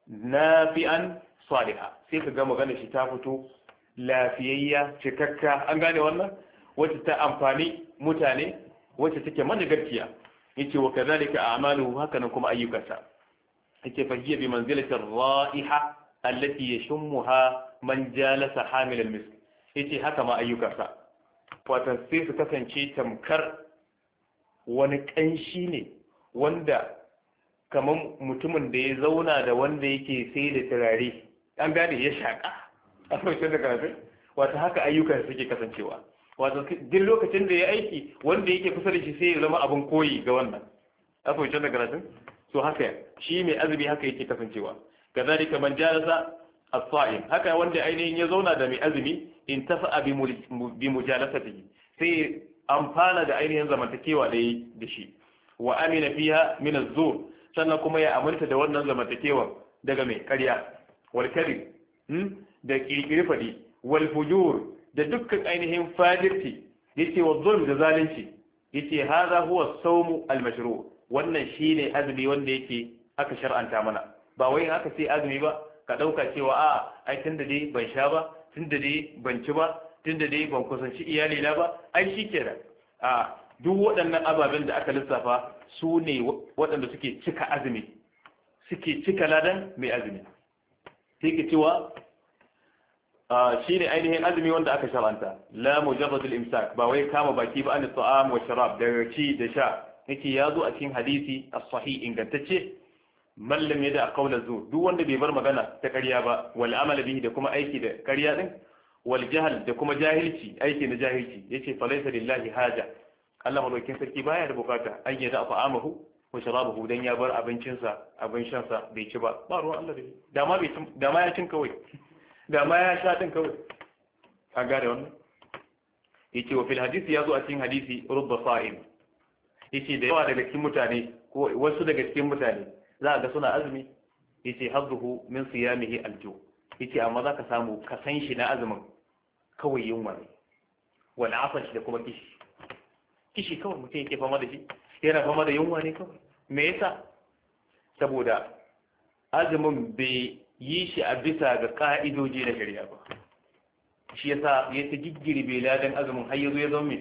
nafi'an salihah sai ka ga magana shi ta fito lafiyayya cikakka an gane wannan wacce ta amfani mutane wacce take manigarciya yace wa kadhalika a'maluhu haka nan kuma ayyukansa yake fahiya bi manzilati ar-ra'iha allati yashmuha man jalasa hamil al-misk yace haka ma ayyukansa wato sai su kasance tamkar wani kanshi ne wanda kamar mutumin da ya zauna da wanda yake sai da turare an gane ya shaka a farkon da karatu wato haka ayyukan suke kasancewa wato duk lokacin da ya aiki wanda yake kusa da shi sai ya zama abin koyi ga wannan a fahimci da karatun to haka shi mai azumi haka yake kasancewa kazalika man jalasa as-sa'im haka wanda ainihin ya zauna da mai azumi in tafa bi mujalasatihi sai amfana da ainihin zamantakewa da yi da shi wa amina fiha min az-zur sannan kuma ya amurta da wannan zamantakewa daga mai ƙarya wal kadhib hmm? da kirkiri fadi wal fujur da dukkan ainihin fadirti yace wa zulm da zalunci yace hadha huwa sawmu al-mashru wannan shine azumi wanda yake aka shar'anta mana ba wai aka sai azumi ba ka dauka cewa a ai tunda dai ban sha ba tunda dai ban ci ba tunda dai ban kusanci iyali na ba ai shikenan a duk waɗannan ababen da aka lissafa su ne waɗanda suke cika azumi suke cika ladan mai azumi sai ka cewa Ah, shi ne ainihin azumi wanda aka sharanta la mujarradul imsak ba wai kama baki ba an ta'am wa sharab da ci da sha yake yazo a cikin hadisi as-sahih ingantacce mallam yada qawla zu duk wanda bai bar magana ta ƙarya ba wal amala bihi da kuma aiki da ƙarya din wal jahl da kuma jahilci aiki na jahilci yace fa laysa lillahi haja Allah madaukin sarki baya da bukata an yada fa'amahu wa sharabahu dan ya bar abincinsa abin shansa bai ci ba ba ruwan Allah da Dama bai ya cin kawai da ma ya sha din kawai ka gane wannan yace wa fil hadisi yazo a cikin hadisi rubba sa'im yace da yawa daga cikin mutane ko wasu daga cikin mutane za a ga suna azumi yace hadduhu min siyamihi alju yace amma za ka samu san shi na azumin kawai yunwa ne wal afash da kuma kishi kishi kawai mutum yake fama da shi yana fama da yunwa ne kawai me yasa saboda azumin bai yi shi a bisa ga ka'idoji da shari'a ba shi yasa ya ta giggirbe ladan azumin har yazo ya zama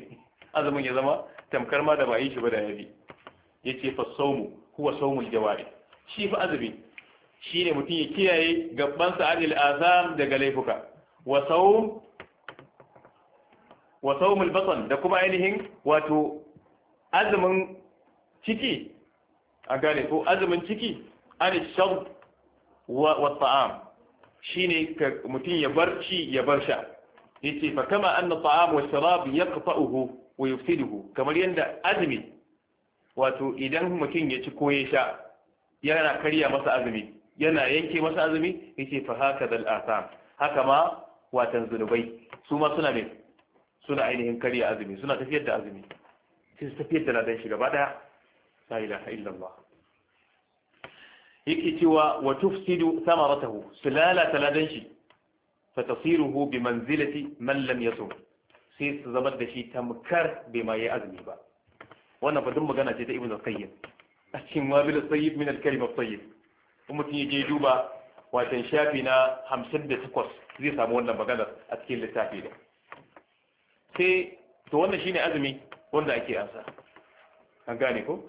azumin ya zama tamkar ma da ba yi shi ba da yabi ce fa sawmu huwa sawmul jawari shi fa azumi ne mutum ya kiyaye gaban sa anil azam daga laifuka wa sawm wa sawmul batan da kuma ainihin wato azumin ciki a gane ko azumin ciki an shab wa ta'am shine mutum ya bar ya bar sha yace fa kama anna ta'am wa sharab yaqta'uhu wa yufsiduhu kamar yadda azumi wato idan mutum ya ci ko ya sha yana karya masa azumi yana yanke masa azumi yace fa haka dal atham haka ma watan zunubai suna ainihin karya azumi suna tafiyar da azumi sai su tafiyar da ladan shi gaba daya la ilaha illallah yake cewa wa tufsidu samaratahu su lalata ladan shi fa tasiruhu bi manzilati man lam yasum sai su zama da shi tamkar bai ma yi azumi ba wannan fa duk magana ce ta ibnu qayyim a cikin wabil sayyid min al-kalima tayyib kuma mutum ya duba watan shafi na 58 zai samu wannan magana a cikin littafi da sai to wannan shine azumi wanda ake ansa an gane ko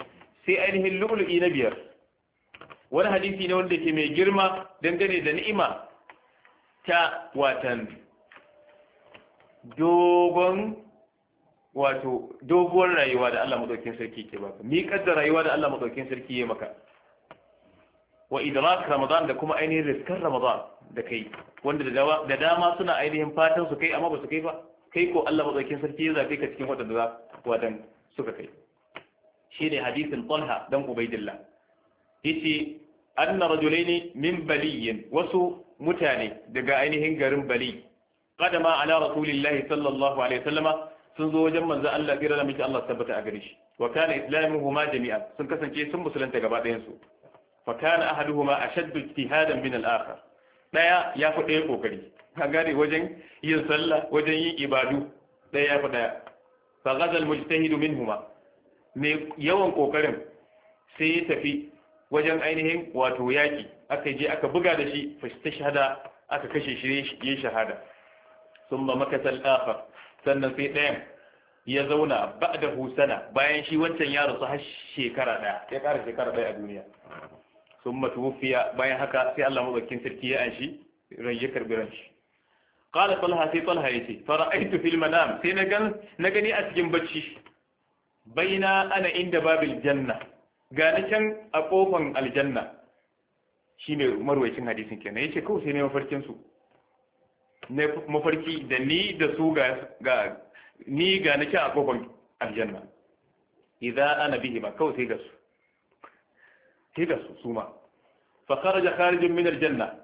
sai ainihin lu'lu'i na biyar wani hadisi ne wanda ke mai girma dangane da ni'ima ta watan dogon wato doguwar rayuwa da Allah madaukakin sarki ke baka miƙar da rayuwa da Allah madaukakin sarki ya maka wa idrak ramadan da kuma ainihin riskar ramadan da kai wanda da dama suna ainihin fatan su kai amma ba su kai ba kai ko Allah madaukakin sarki ya zabe ka cikin wadanda za wadan suka kai shine hadisin Talha dan Ubaidillah yace anna rajulaini min baliyin wasu mutane daga ainihin garin bali qadama ala rasulillahi sallallahu alaihi wasallama sun zo wajen manzo Allah kira da miki Allah tabbata a gare shi wa kana islamuhuma jami'a sun kasance sun musulunta gaba ɗayan su fa kana ahaduhuma ashaddu ijtihadan min al-akhar daya ya fi ɗaya kokari ka gane wajen yin sallah wajen yin ibadu daya ya fi daya fa ghazal mujtahidu minhuma ne yawan kokarin sai ya tafi wajen ainihin wato yaki aka je aka buga da shi fashta shahada aka kashe shi ya shahada sun ba makasar sannan sai ɗayan ya zauna ba da husana bayan shi wancan ya rasu har shekara ɗaya ya ƙara shekara ɗaya a duniya sun matuwufiya bayan haka sai Allah mabakin sarki ya anshi ran ya karbi ran shi qala talha sai talha fara'aitu fil manam sai na gani a cikin bacci baina ana inda babil janna gani can a kofan aljanna shine marwayacin hadisin kenan yace kawai sai ne mafarkin su ne mafarki da ni da su ga ni ga na a kofan aljanna idza ana bihi ba kawai sai ga su sai ga su suma fa kharaja kharijin min aljanna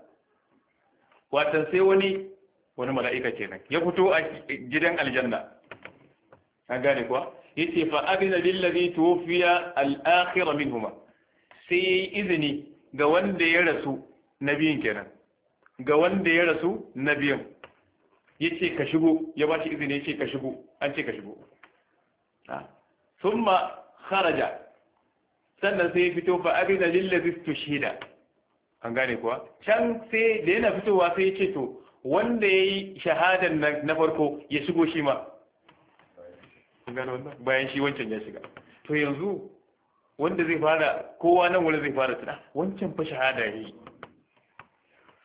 watan sai wani wani mala'ika kenan ya fito a gidan aljanna an gane kuwa yace fa adina lillazi tuwfiya al-akhir minhuma sai yi izini ga wanda ya rasu nabiyin kenan ga wanda ya rasu nabiyin yace ka shigo ya bashi izini yace ka shigo an ce ka shigo thumma kharaja sannan sai fito fa adina lillazi tushhida an gane kuwa can sai da yana fitowa sai yace to wanda yayi shahadan na farko ya shigo shi ma gano bayan shi wancan ya shiga to yanzu wanda zai fara kowa nan wani zai fara tuna wancan fa shahada ne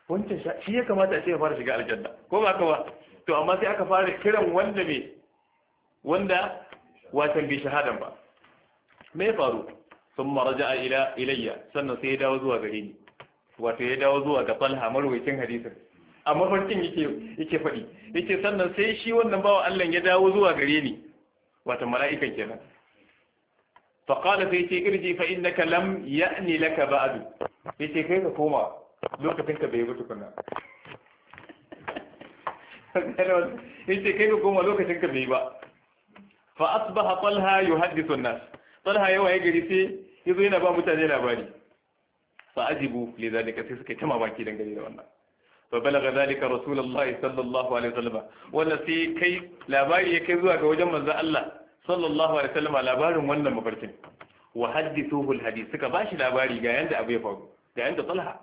wancan shi ya kamata a ce ya fara shiga aljanna ko ba ka ba to amma sai aka fara kiran wanda me wanda watan bai shahadan ba me ya faru sun maraja a ila ilayya sannan sai ya dawo zuwa gare ni wato ya dawo zuwa ga falha marwaikin hadisin a mafarkin yake yake faɗi yake sannan sai shi wannan bawa Allah ya dawo zuwa gare ni wato mala'ikan kenan fa qala sai ce irji fa innaka lam ya'ni laka ba'du sai ce kai ka koma lokacin ka bai yi tukuna sai ce kai ka koma lokacin ka bai ba fa asbaha talha yuhaddithu an-nas talha yawa ya gari sai yazo yana ba mutane labari fa ajibu lidhalika sai suka yi ta mamaki dangane da wannan fa balagha zalika rasulullahi sallallahu alaihi wasallam wannan sai kai labari ya kai zuwa ga wajen manzo Allah sallallahu alaihi wasallam labarin wannan mafarkin wa hadithuhu alhadith suka bashi labari ga yanda abu ya faru ga yanda Talha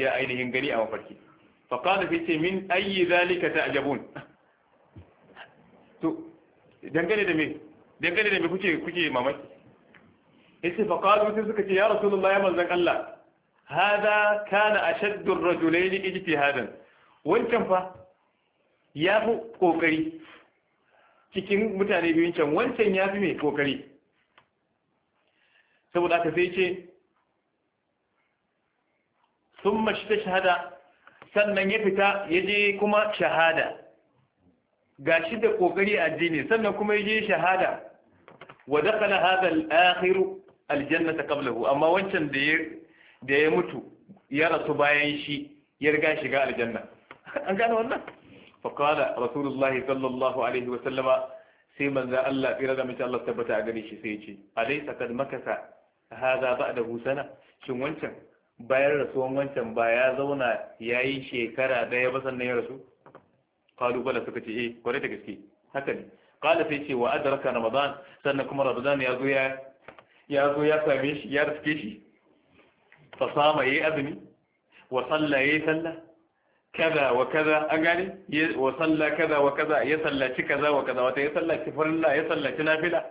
ya ainihin gani a mafarki fa fi ce min ayi zalika ta'jabun to dangane da me dangane da me kuke kuke mamaki yace fa qalu sai suka ce ya rasulullahi Allah hada kana ashaddu ar-rajulaini ijtihadan wancan fa ya fi kokari cikin mutane biyun can wancan ya fi mai kokari saboda aka sai ce sun mashi ta shahada sannan ya fita ya je kuma shahada ga shi da kokari a jini sannan kuma ya je shahada wa dakala hada al-akhir ta qablahu amma wancan da ya da ya mutu ya rasu bayan shi ya riga shiga aljanna an gane wannan faqala rasulullahi sallallahu alaihi wa sallama sai manzo Allah tsira da mace Allah tabbata a gare shi sai ya ce alaysa kad makasa hadha ba'dahu husana. shin wancan bayan rasuwan wancan ba ya zauna yayi shekara daya ba sannan ya rasu qalu bala suka ce eh kware da gaske haka ne qala sai ce wa adraka ramadan sannan kuma ramadan ya zo ya ya zo ya same shi ya riske shi fasama yayi azumi wa salla yayi salla kaza wa kaza an gane wa salla kaza wa kaza ya sallaci kaza wa kaza wata ya sallaci farilla ya sallaci nafila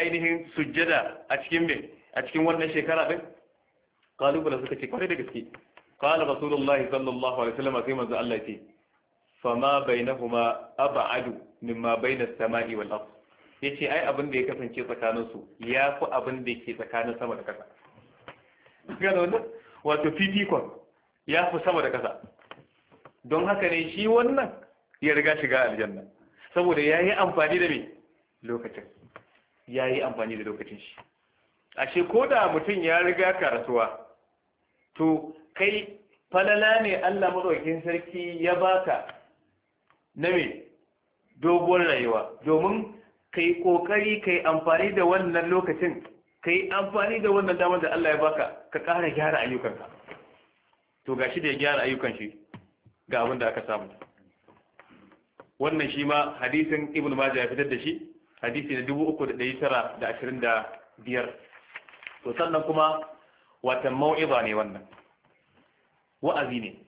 ainihin sujjada a cikin me a cikin wannan shekara din kalubala suka ce kwarai da gaske qala rasulullahi sallallahu alaihi wasallam sai manzo Allah ce fama bainahuma ab'adu mimma bainas samai wal ya ce ai abin da ya kasance tsakaninsu ya fi abin da ke tsakanin sama da ƙasa gano wannan wato fifikon ya fi sama da ƙasa don haka ne shi wannan ya riga shiga aljanna saboda ya yi amfani da mai lokacin ya yi amfani da lokacin shi ashe ko da mutum ya riga karatuwa, to kai falala ne Allah maɗaukin sarki ya baka na mai doguwar rayuwa domin ka yi ƙoƙari ka yi amfani da wannan lokacin ka yi amfani da wannan damar da Allah ya baka ka ƙara gyara ayyukanka to ga shi da ya gyara ayyukan shi ga abin da aka samu wannan shi ma hadisin ibn majah ya fitar da shi hadisi na dubu uku da tara da ashirin da biyar to sannan kuma watan mau'iza ne wannan wa'azi ne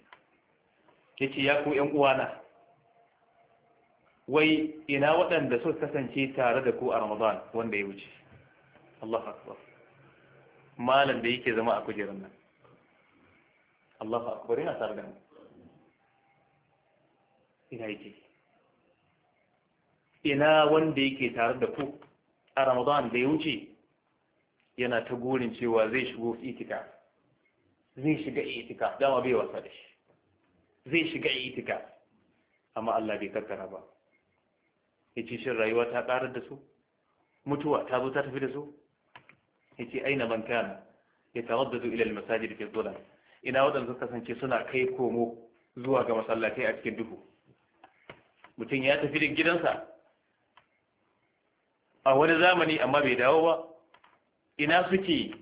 yace ya ku ƴan uwana wai ina waɗanda su kasance tare da ku a ramadan wanda ya wuce Allah akbar malam da yake zama a kujerar nan Allah akbar ina tare da mu ina yake ina wanda yake tare da ku a ramadan da ya wuce yana ta gurin cewa zai shigo itika zai shiga itika dama bai wasa da shi zai shiga itika amma Allah bai kaddara ba ya ce shin rayuwa ta ƙarar da su mutuwa ta zo ta tafi da su ya ce aina man kana ya tawaddadu ila al da ke dhulam ina wadanda suka kasance suna kai komo zuwa ga masallatai a cikin duhu mutum ya tafi da gidansa a wani zamani amma bai dawo ba ina suke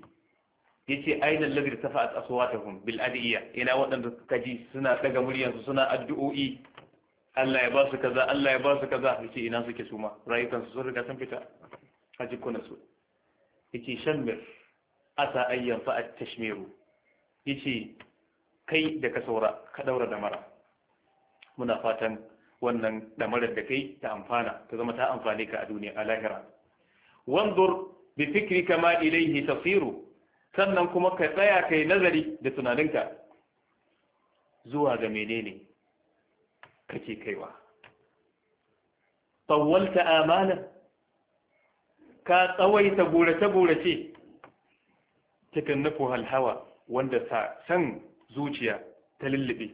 Ya ce aina alladhi tafa'at aswatuhum bil adiya ina wadanda suka ji suna daga muryansu suna addu'o'i Allah ya ba su kaza Allah ya ba su kaza yace ina suke suma rayukan su sun riga sun fita a jikunan su yace A asa ayyan fa at-tashmiru yace kai da ka saura ka daura da mara muna fatan wannan damarar da kai ta amfana ta zama ta amfane ka a duniya a lahira wanzur bi fikrika ma ilayhi tasiru sannan kuma ka tsaya kai nazari da tunaninka zuwa ga menene kake kaiwa tsawalta amana ka tsawaita gurace-gurace cikin nufin halhawa wanda san zuciya ta lullube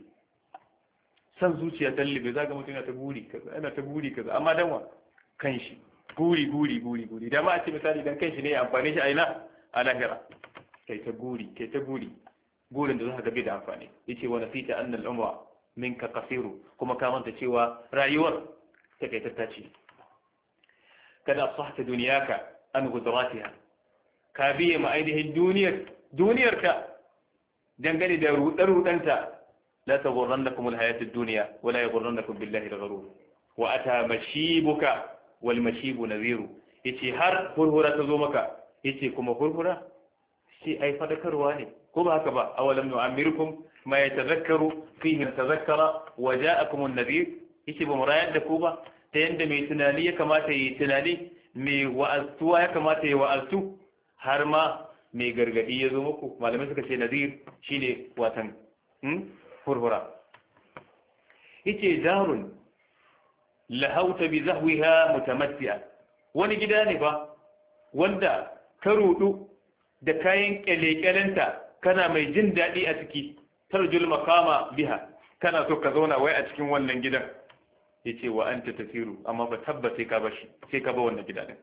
san zuciya ta lullube za ga mutum yana ta guri kaza yana ta guri kaza amma danwa kan shi guri guri guri guri dama a ce misali dan kan shi ne amfani shi a a lahira kai ta guri kai ta guri gurin da za ka gabe da amfani yace wa nasita annal umra minka kasiru kuma ka manta cewa rayuwar takaitatta ce kada asahta duniyaka an gudratiha ka biye ma ainihin duniyar duniyarka dangane da rudar-rudanta la taghurrannakum alhayat ad-dunya wa la yaghurrannakum billahi al-ghurur wa ata mashibuka wal mashibu nadhiru yace har hurhura ta zo maka yace kuma hurhura shi ai fadakarwa ne ko ba haka ba awalam nu'amirukum ma yatazakkaru fihi tazakkara wa ja'akum an-nadir ba mu da ku ba ta yadda mai tunani ya kamata yi tunani mai wa'aztuwa ya kamata yi wa'aztu har ma mai gargadi ya zo muku malamai suka ce nadir shine watan hurhura yace darun lahauta bi zahwiha mutamatti'a wani gida ne ba? wanda ka rudu da kayan kyalekyalenta kana mai jin daɗi a ciki tarjul makama biha kana so ka zauna wai a cikin wannan gidan yace wa anta tafiru amma ba tabbata ka bashi sai ka ba wannan gida din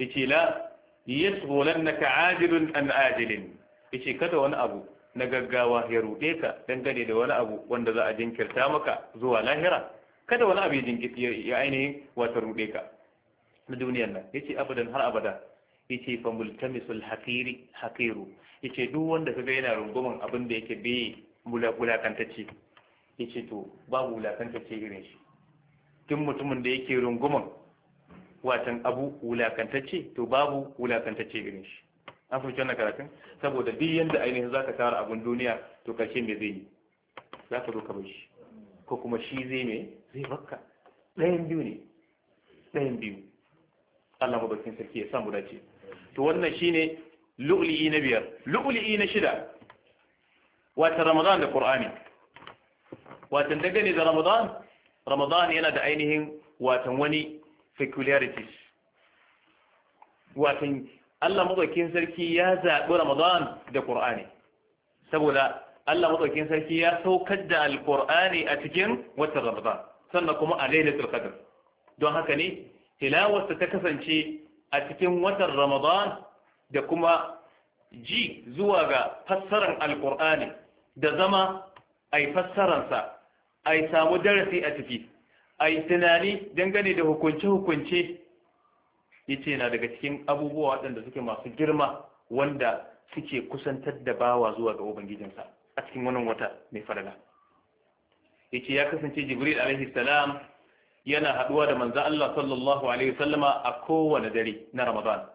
yace la yasghulannaka ajilun an ajilin yace kada wani abu na gaggawa ya ruɗe ka dangane da wani abu wanda za a jinkirta maka zuwa lahira kada wani abu ya ainihin wata rude ka na duniyar nan yace abadan har abada yace fa multamisul haqiri haqiru yace duk wanda kaga yana runguman abin da yake bi wulakantacce yace to babu wulakantacce irin shi tun mutumin da yake runguman watan abu wulakantacce to babu wulakantacce irin shi an fahimci wannan karatun saboda duk yanda ainihin ka tara abin duniya to karshe me zai yi ka zo ka bar shi ko kuma shi zai me zai baka, ɗayan biyu ne ɗayan biyu Allah mabarkin sarki ya samu dace to wannan shine lu'li'i na biyar lu'li'i na shida wata ramadan da qur'ani watan da gani da ramadan ramadan yana da ainihin watan wani peculiarities watan Allah madaukakin sarki ya zaɓi ramadan da qur'ani saboda Allah madaukakin sarki ya saukar da alqur'ani a cikin watan ramadan sannan kuma a lailatul qadr don haka ne tilawarsa ta kasance a cikin watan ramadan da kuma ji zuwa ga fassarar alkur'ani da zama a yi fassararsa a yi samu darasi a ciki a yi tunani dangane da hukunce-hukunce ya ce na daga cikin abubuwa waɗanda suke masu girma wanda suke kusantar da bawa zuwa ga ubangijinsa a cikin wannan wata mai farga ya ce ya kasance jibril alaihi salam yana haɗuwa da manza Allah sallallahu alaihi wasallama a kowane dare na ramadan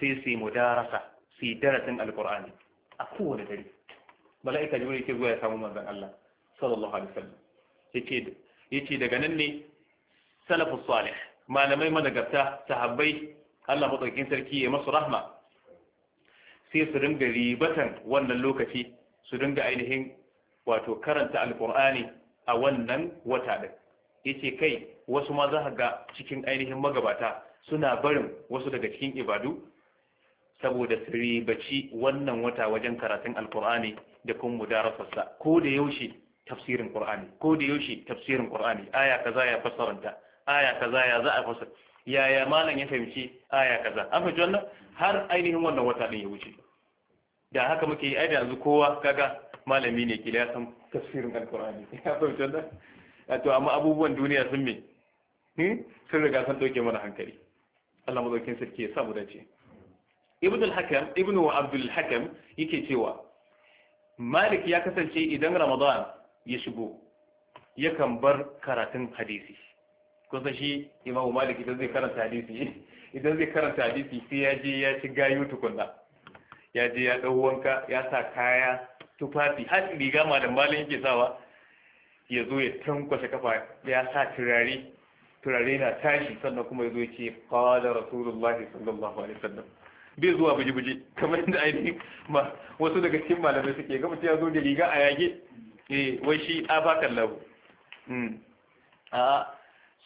sai su yi mudarasa su yi darasin alkur'ani a kowane dare mala'ika jibril yake zuwa ya samu manzon Allah sallallahu alaihi wasallam yace yace daga nan ne salafus salih malamai madagarta sahabbai Allah madaukakin sarki ya masu rahma sai su dinga ribatan wannan lokaci su dinga ainihin wato karanta alkur'ani a wannan wata din yace kai wasu ma za ga cikin ainihin magabata suna barin wasu daga cikin ibadu saboda su ribaci wannan wata wajen karatun alkur'ani da kuma mudarasarsa ko da yaushe tafsirin qur'ani ko da yaushe tafsirin qur'ani aya kaza ya fassaranta aya kaza ya za a fassara yaya malam ya fahimci aya kaza an fahimci wannan har ainihin wannan wata din ya wuce da haka muke yi ai da yanzu kowa kaga malami ne kila ya san tafsirin alkur'ani ya fahimci wannan to amma abubuwan duniya sun me hmm? sun riga sun ɗauke mana hankali Allah mazaukin sarki ya sa mu dace ibn al-hakam ibn abdul al-hakam yake cewa malik ya kasance idan ramadan ya shigo yakan bar karatun hadisi kun san shi imamu malik idan zai karanta hadisi idan zai karanta hadisi sai ya je ya ci gayu tukunna ya je ya dau wanka ya sa kaya tufafi har riga malam malin yake sawa ya zo ya tankwashe kafa ya sa turare turare na tashi sannan kuma ya zo ya ce qala rasulullahi sallallahu alaihi wasallam bai zuwa buji-buji kamar yadda ainihin ma wasu daga cikin malamai suke ga mutum ya zo da riga a yage eh wai shi a baka labu hmm. a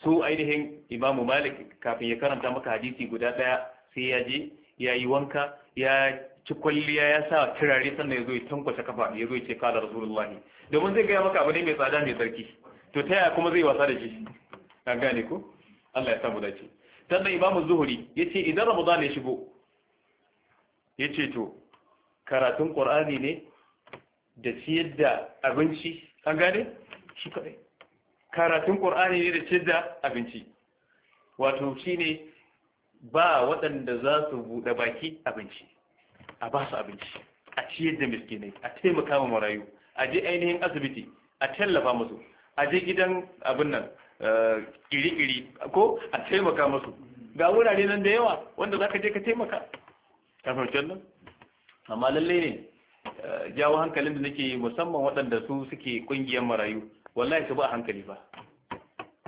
su ainihin imamu malik kafin ya karanta maka hadisi guda daya sai ya je ya yi wanka ya ci kwalliya ya sa turare sannan ya zo ya tankwashe kafa ya zo ya ce kala rasulullahi domin zai gaya maka abu ne mai tsada mai sarki to ta yaya kuma zai wasa da shi an gane ko Allah ya samu dace sannan imamu zuhuri ya ce idan ramadan ya shigo ya ce to karatun ƙur'ani ne da siyar da abinci an gane shi kaɗai karatun ƙur'ani ne da siyar da abinci wato shi ne ba waɗanda za su buɗe baki abinci a ba su abinci a ciyar da miskinai a taimaka ma marayu a je ainihin asibiti a tallafa musu a je gidan abin nan kiri-kiri eh, ko a taimaka musu ga wurare nan da yawa wanda za ka je ka taimaka ka fahimci nan? amma lalle ne eh, jawo hankalin da nake musamman waɗanda su suke ƙungiyar marayu wallahi su ba hankali ba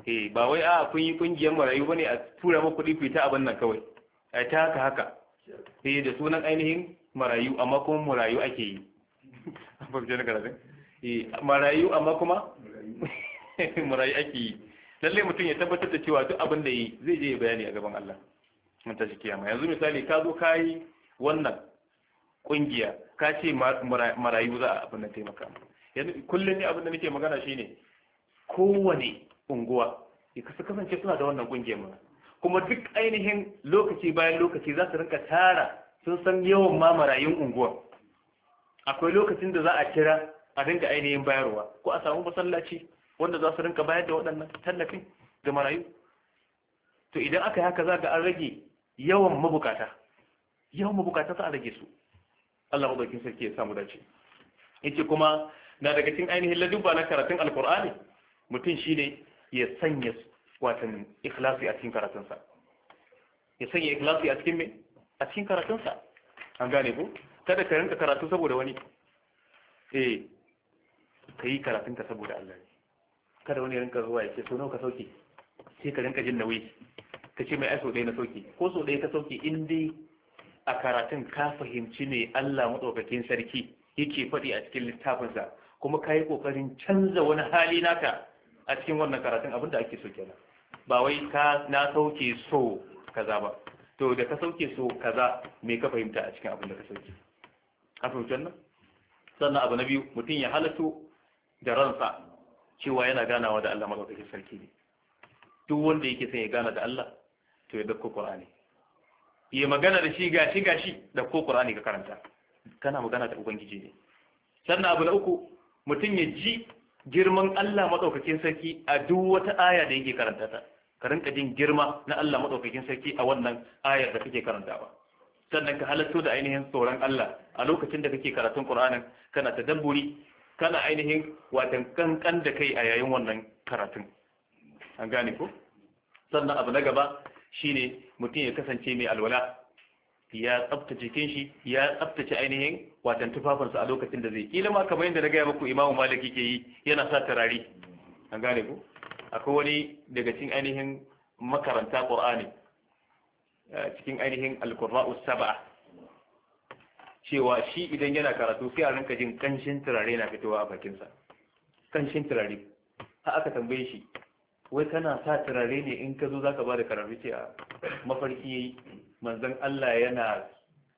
eh ba wai a ah, kun yi ƙungiyar marayu bane a tura muku kuɗi fita ta abin nan kawai ai ta haka haka eh da sunan ainihin marayu amma kuma marayu ake yi fahimci ka karatun eh marayu amma kuma marayu ake yi lalle mutum ya tabbatar da cewa duk abin da yi zai je bayani a gaban Allah mun ta shi kiyama yanzu misali ka zo ka yi wannan kungiya ka ce marayu za a abin da taimaka yanzu kullum ne abin da nake magana shine kowane unguwa ya kasance suna da wannan kungiyar mana kuma duk ainihin lokaci bayan lokaci za su rinka tara sun san yawan ma marayun unguwa akwai lokacin da za a kira a rinka ainihin bayarwa ko a samu masallaci wanda za su rinka bayar da waɗannan tallafin ga marayu to idan aka yi haka za ga an rage yawan mabukata yawan mabukata ta a rage su Allah mabakin sarki ya samu dace yace kuma na daga cikin ainihin ladubba na karatun alkur'ani mutum shine ya sanya watan ikhlasi a cikin karatunsa ya sanya ikhlasi a cikin me a cikin karatunsa an gane ku kada ka rinka karatu saboda wani eh ka yi karatunka saboda Allah ne kada wani rinka zuwa ya ce so nawa ka sauke sai ka rinka jin nauyi ka ce mai ai dai ɗaya na sauke ko so dai ka sauke in dai a karatun ka fahimci ne Allah maɗaukakin sarki yake faɗi a cikin littafinsa kuma ka yi ƙoƙarin canza wani hali naka a cikin wannan karatun abin da ake so kenan ba wai ka na sauke so kaza ba to da ka sauke so kaza me ka fahimta a cikin abin da ka sauke an fahimci wannan sannan abu na biyu mutum ya halatu da ransa cewa yana ganawa da Allah maɗaukakin sarki ne duk wanda yake son ya gana da Allah to ya dauko ƙur'ani ya magana da shi gashi gashi da ko Qur'ani ka karanta kana magana da ubangiji ne sannan abu na uku mutum ya ji girman Allah madaukakin sarki a duk wata aya da yake karanta ta ka rinka jin girma na Allah madaukakin sarki a wannan ayar da kake karantawa sannan ka halatto da ainihin tsoron Allah a lokacin da kake karatun Qur'anin kana tadabburi kana ainihin watan kankan da kai a yayin wannan karatun an gane ko sannan abu na gaba shine mutum ya kasance mai alwala ya tsabtace kinshi ya tsabtace ainihin watan tufafinsa a lokacin da zai kila ma kamar yadda na gaya muku imamu maliki ke yi yana sa turare an gane ku akwai wani daga cikin ainihin makaranta qur'ani cikin ainihin alqurra'us sab'a cewa shi idan yana karatu sai a rinka jin kanshin turare na fitowa a bakinsa kanshin turare a aka tambaye shi wai kana sa turare ne in ka zo za ka ba da karatu ce a mafarki manzan Allah yana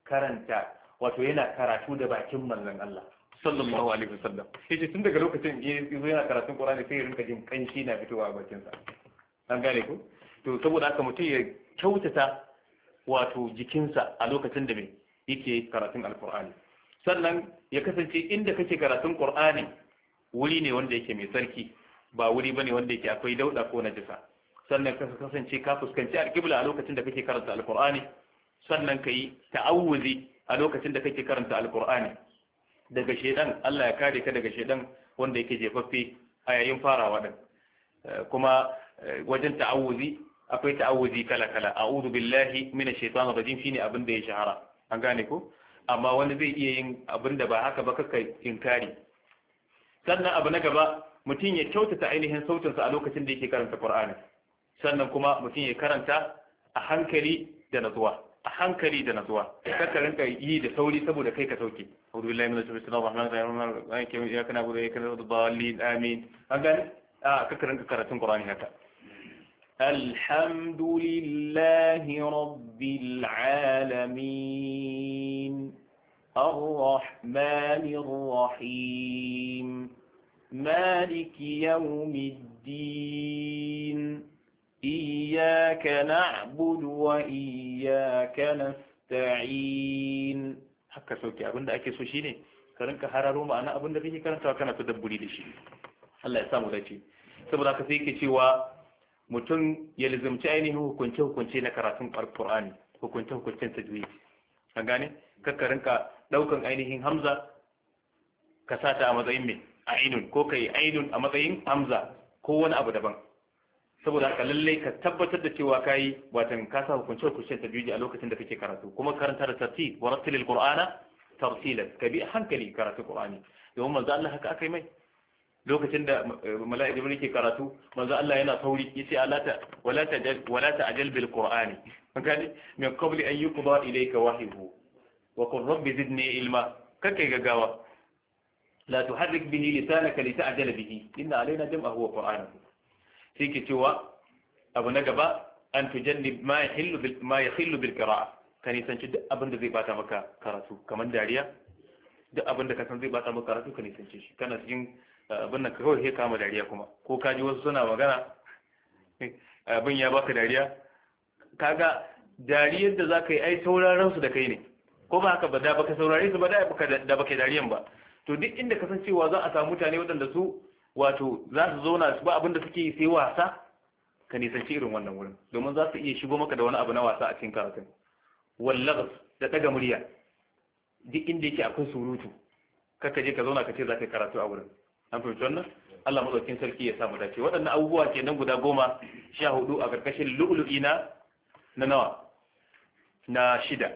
karanta wato yana karatu da bakin manzan Allah sallallahu alaihi wasallam ce tun daga lokacin ya zo yana karatun Qur'ani sai ya rinka jin kanshi na fitowa a bakin sa an gane ku? to saboda haka mutum ya kyautata wato jikinsa a lokacin da me yake karatun alqur'ani sannan ya kasance inda kake karatun qur'ani wuri ne wanda yake mai sarki ba wuri bane wanda yake akwai dauda ko najisa sannan ka kasance ka fuskanci alƙibla a lokacin da kake karanta alƙur'ani sannan ka yi ta'awuzi a lokacin da kake karanta alƙur'ani daga shedan Allah ya kare ka daga shedan wanda yake jefaffe a yayin farawa din kuma eh, wajen ta'awuzi akwai ta'awuzi kala kala a'udhu billahi minash shaitanir rajim shine abin da ya shahara an gane ko amma wani zai iya yin abin da ba haka ba kaka inkari sannan abu na gaba mutum ya kyautata ainihin sautinsa a lokacin da yake karanta Qur'ani sannan kuma mutum ya karanta a hankali da natsuwa a hankali da natsuwa kakka rinka yi da sauri saboda kai ka sauke a'udhu billahi minash shaitanir rahmanir rahim ya kana ya kana gudu ya kana dallin amin hakan a kakka rinka karatun Qur'ani haka alhamdulillahi rabbil alamin ar-rahmanir rahim مالك يوم الدين إياك نعبد وإياك نستعين haka سوكي abinda ake so shine ka rinka hararo ma'ana abinda ka karantawa تدبولي لشي da shi Allah ya samu dace saboda haka sai yake cewa mutum ya lizumci ainihin hukunce hukunce na karatun Qur'ani hukunce hukuncen tajwid an gane ka rinka ɗaukan ainihin hamza ka sata a matsayin mai ainun ko kai ainun a matsayin hamza ko wani abu daban saboda haka lallai ka tabbatar da cewa kai watan ka sa hukunce hukunce tajwidi a lokacin da kake karatu kuma karanta da tartil wa rattilil qur'ana tartilan ka bi hankali karatu qur'ani domin manzo Allah haka akai mai lokacin da eh, mala'ika jibril ke karatu manzo Allah yana sauri yace alata wala ta wala ta ajal bil qur'ani magani min qabli an yuqda ilayka wahyuhu wa qul rabbi zidni ilma kake gaggawa la tuharrik bihi lisanaka lita'jala bihi inna alaina jam'ahu wa qur'anahu sai ke cewa abu na gaba an tujannib ma yahillu bil ma yahillu bil qira'a ka nisanci duk abin da zai bata maka karatu kamar dariya duk abin da ka san zai bata maka karatu san ci shi kana cikin eh, abin nan kawai sai kama dariya kuma ko ka ji wasu suna magana eh, abin ya baka dariya kaga dariyar da zaka yi ai sauraron su da kai ne ko ba haka ba da baka saurare su ba da baka da baka dariyan ba to duk inda ka san cewa za a samu mutane waɗanda su wato za su zauna ba abin da suke sai wasa ka nisanci irin wannan wurin domin za su iya shigo maka da wani abu na wasa a cikin karatun wallagas da daga murya duk inda yake akwai surutu kaka je ka zauna ka ce za ka karatu a wurin an fahimci wannan Allah madaukakin sarki ya samu dace waɗannan abubuwa ke nan guda goma sha hudu a ƙarƙashin lu'lu'i na na nawa na shida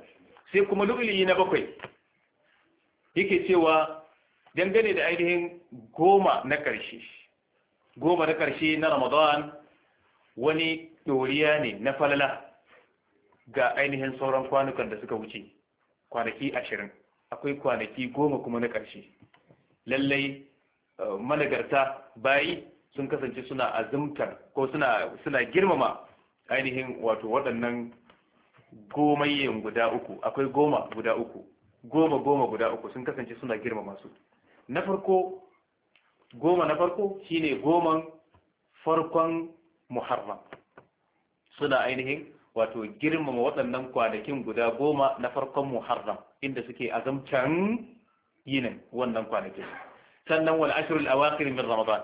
sai kuma lu'lu'i na bakwai yake cewa dangane da ainihin goma na ƙarshe goma na ƙarshe na ramadan wani ɗoriya ne na falala ga ainihin sauran kwanukan da suka wuce kwanaki ashirin akwai kwanaki goma kuma na ƙarshe lallai uh, managarta bayi sun kasance suna azumtar ko suna girmama ainihin wato waɗannan gomayen guda uku akwai goma guda uku goma goma guda uku sun kasance suna girmama su na farko goma na farko shine goman farkon muharram suna ainihin wato girmama waɗannan kwanakin guda goma na farkon muharram inda suke azamcan yinin wannan kwanakin sannan wal ashrul awakhir min ramadan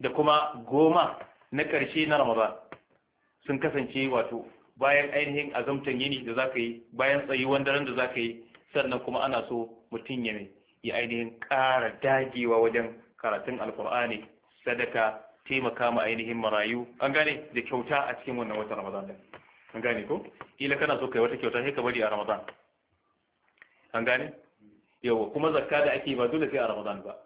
da kuma goma na ƙarshe na ramadan sun kasance wato bayan ainihin azamtan yini da ka yi bayan tsayuwan daren da zaka yi sannan kuma ana so mutum ya ya ainihin ƙara dagewa wajen karatun alkur'ani sadaka taimaka ma ainihin marayu an gane da kyauta a cikin wannan watan ramadan din an gane ko ila kana so kai wata kyauta sai ka bari a ramadan an gane yawa kuma zakka da ake ba dole sai a ramadan ba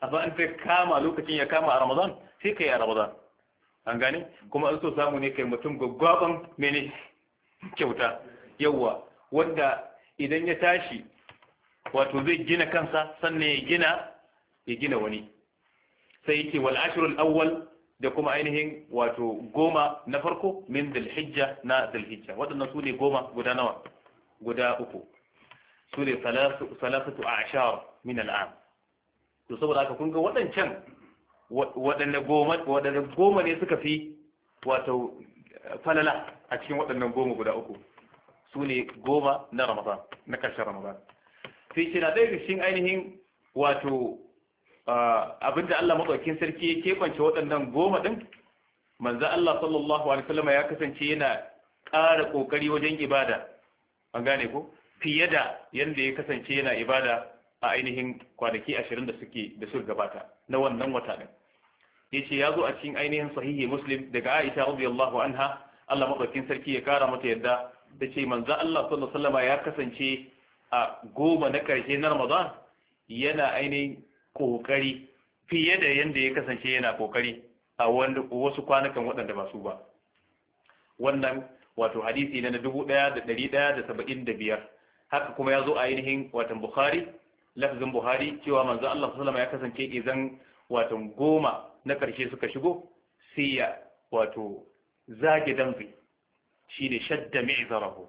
amma an kai kama lokacin ya kama a ramadan sai kai a ramadan an gane kuma an so samu ne kai mutum gwaggwaban mene kyauta yawa wanda idan ya tashi wato zai gina kansa sannan ya gina ya gina wani sai yake wal ashrul awwal da kuma ainihin wato goma na farko min dhulhijja na dhulhijja wadannan su ne goma guda nawa guda uku su ne salasatu ashar min al'am to saboda haka kun ga waɗancan waɗanne goma waɗanne goma ne suka fi wato falala a cikin wadannan goma guda uku su ne goma na ramadan na karshen ramadan sai ce na ɗaya cikin ainihin wato abinda Allah maɗaukin sarki ya keɓance waɗannan goma ɗin manzo Allah sallallahu alaihi wasallam ya kasance yana ƙara ƙoƙari wajen ibada an gane ko fiye da yadda ya kasance yana ibada a ainihin kwanaki ashirin da suke da su gabata na wannan wata ɗin ya ce ya zo a cikin ainihin sahihi muslim daga aisha radiyallahu anha Allah maɗaukin sarki ya kara mata yadda ta ce manzo Allah sallallahu alaihi wasallam ya kasance a goma na ƙarshe na Ramadan yana ainihin ƙoƙari fiye da yadda ya kasance yana ƙoƙari a wasu kwanakan waɗanda ba su ba wannan wato hadisi na dubu ɗaya da ɗari ɗaya da saba'in da biyar haka kuma ya zo a ainihin watan Bukhari lafazin Buhari cewa manzo Allah sallama ya kasance idan watan goma na ƙarshe suka shigo siya wato zage shi shine shadda mi'zarahu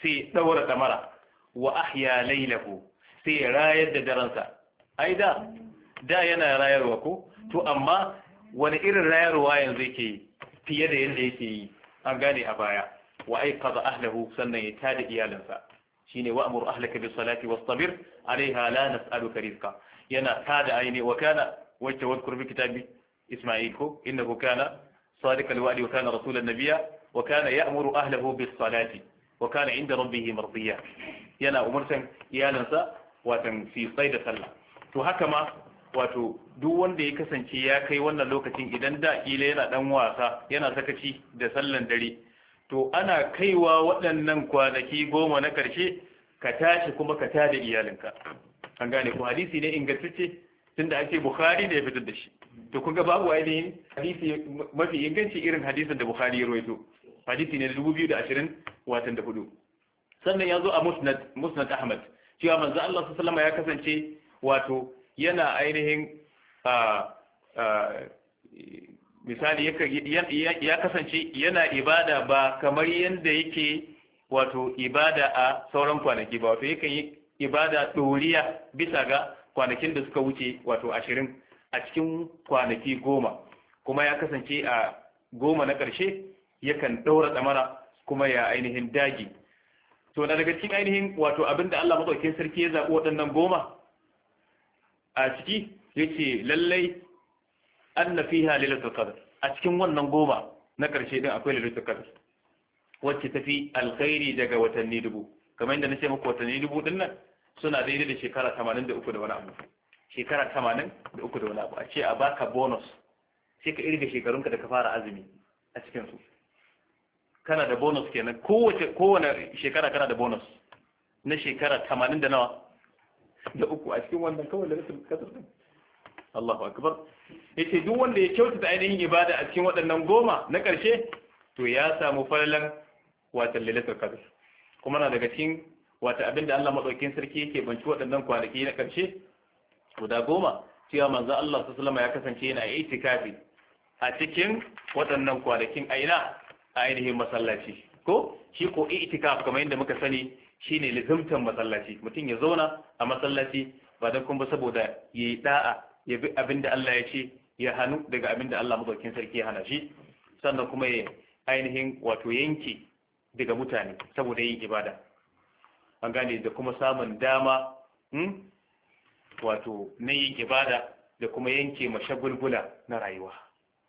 sai ɗaura ɗamara wa ahya lailahu sai ya rayar da daransa ai da da yana rayarwa ko to amma wani irin rayarwa yanzu yake yi fiye da yadda yake yi an gane a baya wa ai aiqadha ahlahu sannan ya tada iyalansa shine wa amur ahlaka bis salati wastabir alaiha la nas'aluka rizqa yana tada aini wa kana wa tawakkul bi kitabi isma'il ko innahu kana صادق الوعد وكان رسول النبي وكان يأمر أهله بالصلاة وكان عند ربه مرضيا yana umurtan iyalansa watan fi sai da sallah to haka ma wato duk wanda ya kasance ya kai wannan lokacin idan da kila yana dan wasa yana sakaci da sallan dare to ana kaiwa waɗannan kwanaki goma na karshe ka tashi kuma ka tada iyalinka an gane ko hadisi ne ingantacce tunda ake bukhari da ya fitar da shi to kun ga babu ainihin hadisi mafi inganci irin hadisin da bukhari ya rawaito hadisi ne ashirin watan da hudu sannan ya zo a musnad ahmad cewa manzo Allah sallallahu ya kasance wato yana ainihin misali ya kasance yana ibada ba kamar yadda yake wato ibada a sauran kwanaki ba wato yakan yi ibada doriya bisa ga kwanakin da suka wuce wato ashirin a cikin kwanaki goma kuma ya kasance a goma na ƙarshe yakan ɗaura ɗamara kuma ya ainihin daji to na daga cikin ainihin wato abinda Allah madaukakin sarki ya zabi waɗannan goma a ciki yace lallai anna fiha lailatul qadr a cikin wannan goma na karshe din akwai lailatul qadr wacce tafi alkhairi daga watanni dubu kamar yadda nace muku watanni dubu din nan suna daidai da shekara 83 da wani abu shekara tamanin da wani abu a ce a baka bonus sai ka irga shekarunka da ka fara azumi a cikin su kana da bonus kenan kowace kowane shekara kana da bonus na shekara tamanin da nawa da uku a cikin wannan kawai da kasar din Allahu akbar yace duk wanda ya kyautata ainihin ibada a cikin waɗannan goma na ƙarshe to ya samu falalan wata lailatul qadr kuma na daga cikin wata abinda Allah madaukakin sarki yake banci waɗannan kwanaki na ƙarshe guda goma cewa manzo Allah sallallahu alaihi wasallam ya kasance yana itikafi a cikin waɗannan kwanakin aina a ainihin masallaci ko shi ko itikaf kamar yadda muka sani shine lizimtan masallaci mutum ya zauna a masallaci ba da kuma saboda ya yi da'a ya bi abinda da Allah ya ce ya hanu daga abin da Allah madaukin sarki ya hana shi sannan kuma ya ainihin wato yanke daga mutane saboda yin ibada an gane da kuma samun dama hmm, wato na yin ibada da kuma yanke mashagulgula na rayuwa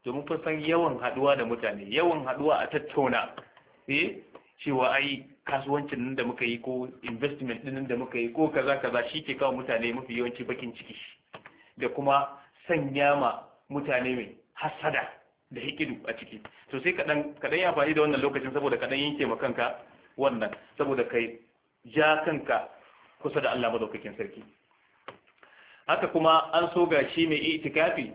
domin fa san yawan haduwa da mutane yawan haduwa a tattauna eh cewa ai kasuwancin nan da muka yi ko investment din da muka yi ko kaza kaza shi ke kawo mutane mafi yawanci bakin ciki da kuma sanya ma mutane mai hasada da hikidu a ciki to sai kadan kadan ya faɗi da wannan lokacin saboda kadan yanke ma kanka wannan saboda kai ja kanka kusa da Allah madaukakin sarki haka kuma an so gashi shi mai itikafi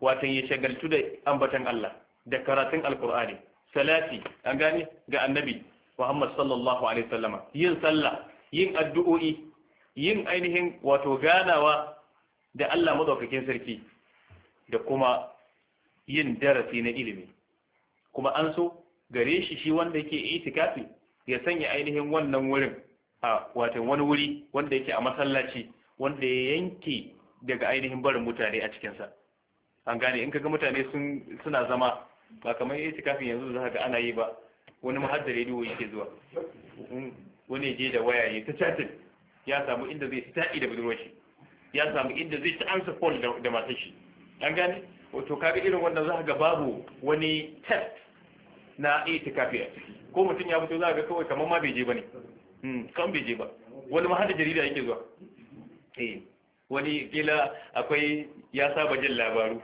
watan ya shagaltu da ambatan Allah da karatun alkur'ani salati an gane ga annabi Muhammad sallallahu alaihi wasallama yin sallah yin addu'o'i yin ainihin wato ganawa da Allah madaukakin sarki da kuma yin darasi na ilimi kuma an so gare shi shi wanda yake itikafi ya sanya ainihin wannan wurin a watan wani wuri wanda yake a masallaci wanda ya yanke daga ainihin barin mutane a cikinsa an gane in kaga mutane sun suna zama ba kamar yace kafin yanzu za ga ana yi ba wani mahar da rediyo yake zuwa mm, wani ya je da waya ya ta chatin ya samu inda zai ta da budurwashi shi ya samu inda zai ta ansa call da matar shi an gane wato kaga irin wannan za ga babu wani test na itikafi a ciki ko mutum ya fito za ga kawai kamar ma bai je ba ne mm, kan bai je ba wani ma jarida yake zuwa eh wani kila akwai ya saba jin labaru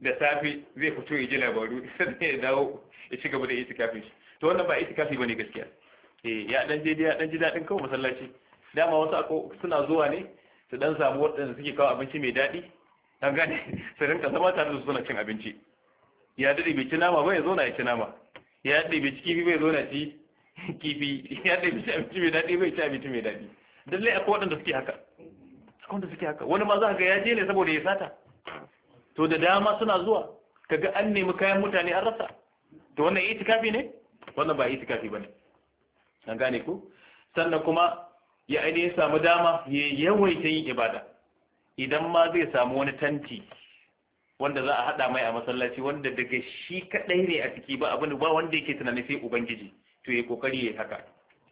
da safe zai fito ya ji labaru sai ya dawo ya ci gaba da kafin shi to wannan ba itikafi bane gaskiya eh ya dan je ya dan ji dadin kawo masallaci dama wasu ako suna zuwa ne su dan samu wadanda suke kawo abinci mai dadi an gane su rinka zama tare da su suna cin abinci ya daɗe bai ci nama ba ya zo na ya ci nama ya daɗe bai ci kifi bai zo na ci kifi ya dade bai ci abinci mai dadi bai ci abinci mai dadi dalle akwai wadanda suke haka akwai wadanda suke haka wani ma za ka ga ya je ne saboda ya sata to da dama suna zuwa kaga an nemi kayan mutane an rasa to wannan itikafi ne wannan ba itikafi bane an gane ku sannan kuma ya ainihin samu dama ya yawaita yin ibada idan ma zai samu wani tanti wanda za a haɗa mai a masallaci wanda daga shi kadai ne a ciki ba abin ba wanda yake tunanin sai ubangiji to ya kokari ya haka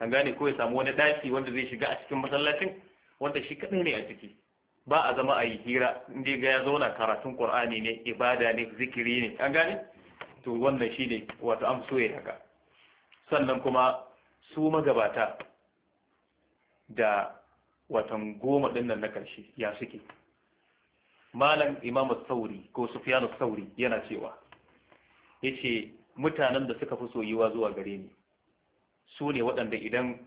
an gane ko ya samu wani daki wanda zai shiga a cikin masallacin wanda shi kadai ne a ciki ba a zama a yi hira inda ga ya zauna karatun ƙur'ani ne ibada ne zikiri ne an gane to wannan shi wato an so ya haka sannan kuma su magabata da watan goma ɗin nan na ƙarshe ya suke malam imamu sauri ko sufyanu sauri yana cewa yace mutanen da suka fi soyuwa zuwa gare ni su ne waɗanda idan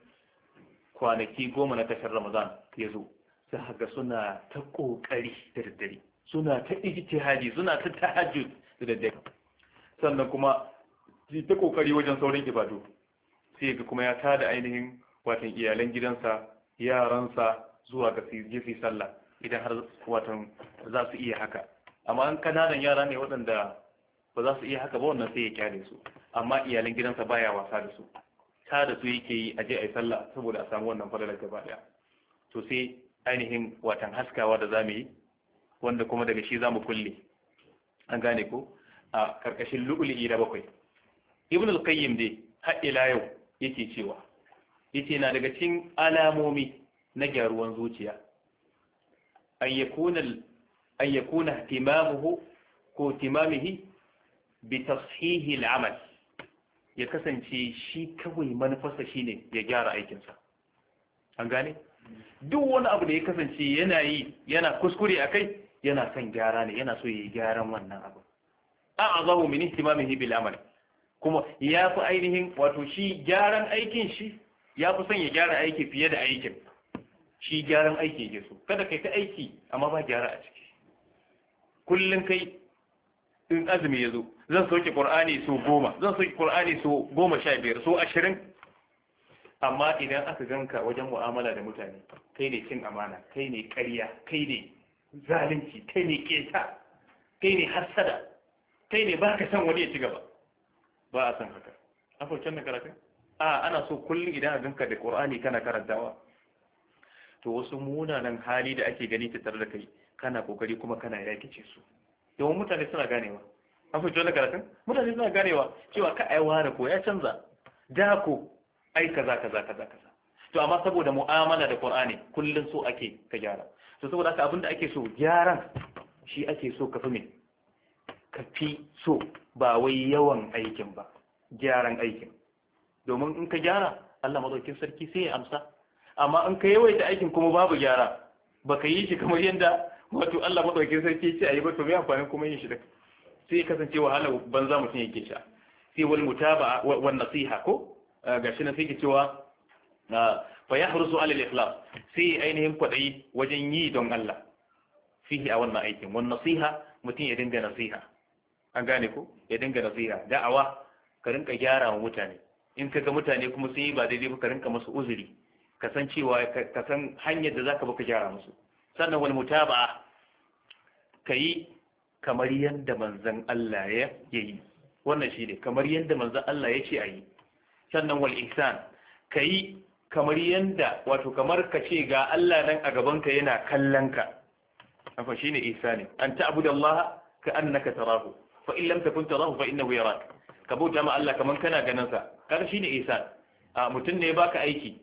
kwanaki goma na tashar ramadan ya zo za ga suna ta ƙoƙari da daddare suna ta ijtihadi suna ta tahajjud da daddare sannan kuma shi ta ƙoƙari wajen saurin ibadu sai ga kuma ya tada ainihin watan iyalan gidansa yaransa zuwa ga su sallah idan har watan za su iya haka amma an kananan yara ne waɗanda ba za su iya haka ba wannan sai ya kyale su amma iyalan gidansa baya wasa da su ta da su yake yi a je a yi sallah saboda a samu wannan fadalar gaba daya to sai ainihin watan haskawa da za mu yi wanda kuma daga shi za mu kulle an gane ko a karkashin lu'uli da bakwai ibn al-qayyim dai har ila yau yake cewa yace na daga cikin alamomi na gyaruwan zuciya an yakuna an yakuna timamuhu ko timamihi bi tashihi al-amal ya kasance shi kawai manufarsa shine ya gyara aikinsa an gane duk wani abu da ya kasance yana yi yana kuskure a kai yana son gyara ne yana so ya yi gyaran wannan abu a azahu min himamin, bil amal kuma ya fi ainihin wato shi gyaran aikin shi ya fi son ya gyara aiki fiye da aikin shi gyaran aiki ya so kada kai ta aiki amma ba gyara a ciki kullum kai in azumi ya zo zan soke qur'ani so goma zan soke qur'ani so goma sha biyar so ashirin amma idan aka ganka wajen mu'amala da mutane kai ne cin amana kai ne ƙarya kai ne zalunci kai ne ƙeta kai ne hassada kai ne baka san wani ya ci gaba ba a san haka a fahimtar na karatun a ana so kullum idan a ganka da ƙur'ani kana karantawa to wasu munanan hali da ake gani tattare da kai kana kokari kuma kana yakice su domin mutane suna ganewa an fahimtar na karatun mutane suna ganewa cewa ka ai wani ko ya canza da ko ai kaza kaza kaza kaza to amma saboda mu'amala da Qur'ani kullun so ake ka gyara to saboda haka abinda ake so gyaran shi ake so ka fi me ka fi so ba wai yawan aikin ba gyaran aikin domin in ka gyara Allah madaukakin sarki sai ya amsa amma in ka yawaita aikin kuma babu gyara baka yi shi kamar yadda wato Allah madaukakin sarki ya ce yi ba to me amfanin kuma yin shi da sai kasance wahala banza mutum yake sha sai wal mutaba wa nasiha ko Eh, gashi na sai cewa fa harusu alil ikhlas sai ainihin kwadayi wajen yi don Allah fihi a wannan aikin wannan nasiha mutum ya dinga nasiha an gane ko ya dinga nasiha da'awa ka rinka gyara wa mutane in ka ga mutane kuma sun yi ba daidai ba ka rinka musu uzuri ka san cewa ka san hanyar da zaka baka gyara musu sannan wal mutaba'a kayi kamar yadda manzon Allah ya yi wannan shine kamar yadda manzon Allah ya ce a yi sannan wal ihsan yi kamar yadda wato kamar ka ce ga Allah nan a gabanka yana kallon ka afa shine ne. an ta'budu Allah ka annaka tarahu fa in lam takun tarahu fa innahu yarak ka bauta ma Allah kaman kana ganin sa kaga shine ihsan a mutun ne baka aiki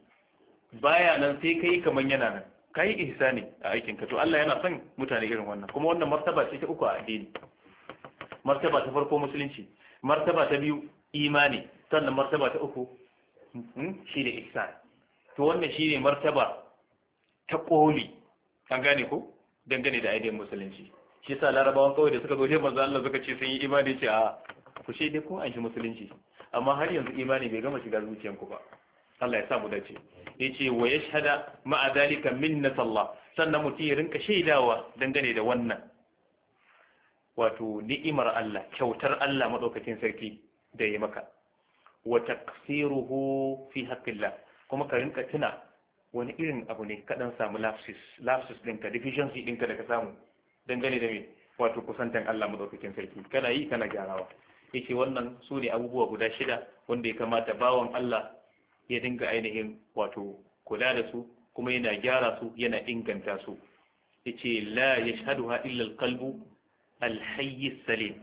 baya nan sai kai kaman yana nan kai ne a aikin ka to Allah yana son mutane irin wannan kuma wannan martaba ce ta uku a addini martaba ta farko musulunci martaba ta biyu imani sannan martaba ta uku hmm, shi ne ihsan to wannan shi ne martaba ta ƙoli an gane ku? dangane da ainihin musulunci shi sa larabawan kawai da suka zo shi manzo Allah suka ce sun yi imani ce a ku shi dai kun anshi musulunci amma har yanzu imani bai gama shiga zuciyanku ba Allah ya sa mu dace yace wa yashhada ma zalika minnat Allah sannan mutum ya rinka shaidawa dangane da wannan wato ni'imar Allah kyautar Allah madaukakin sarki da ya maka wa taqsiruhu fi haqqillah kuma ka rinka tuna wani irin abu ne kaɗan samu lapses lapses ɗinka deficiency ɗinka da ka samu dangane da mai wato kusantan Allah madaukakin sarki kana yi kana gyarawa yace wannan su ne abubuwa guda shida wanda ya kamata bawan Allah ya dinga ainihin wato kula da su kuma yana gyara su yana inganta su yace la yashhaduha illa alqalbu alhayy salim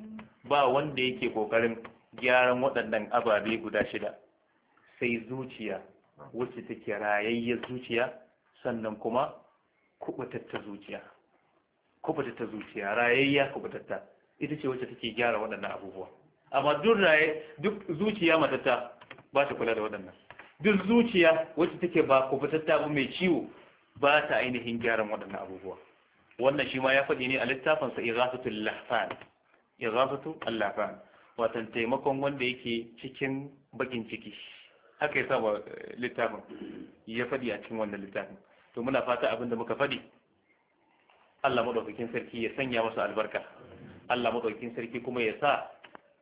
ba wanda yake kokarin gyaran waɗannan ababe guda shida sai zuciya wacce take rayayyar zuciya sannan kuma kubatatta zuciya kubatatta zuciya rayayya kubatatta ita ce wacce take gyara waɗannan abubuwa amma duk raye duk zuciya matatta ba ta kula da waɗannan duk zuciya wacce take ba kubatatta ba mai ciwo ba ta ainihin gyaran waɗannan abubuwa wannan shi ma ya faɗi ne a littafin sa ighasatul lahfan ighasatul lahfan watan taimakon wanda yake cikin bakin ciki haka ya saba eh, littafin ya faɗi a cikin wannan littafin to muna fata abin da muka faɗi Allah maɗaukakin sarki ya sanya masa albarka Allah maɗaukakin sarki kuma ya sa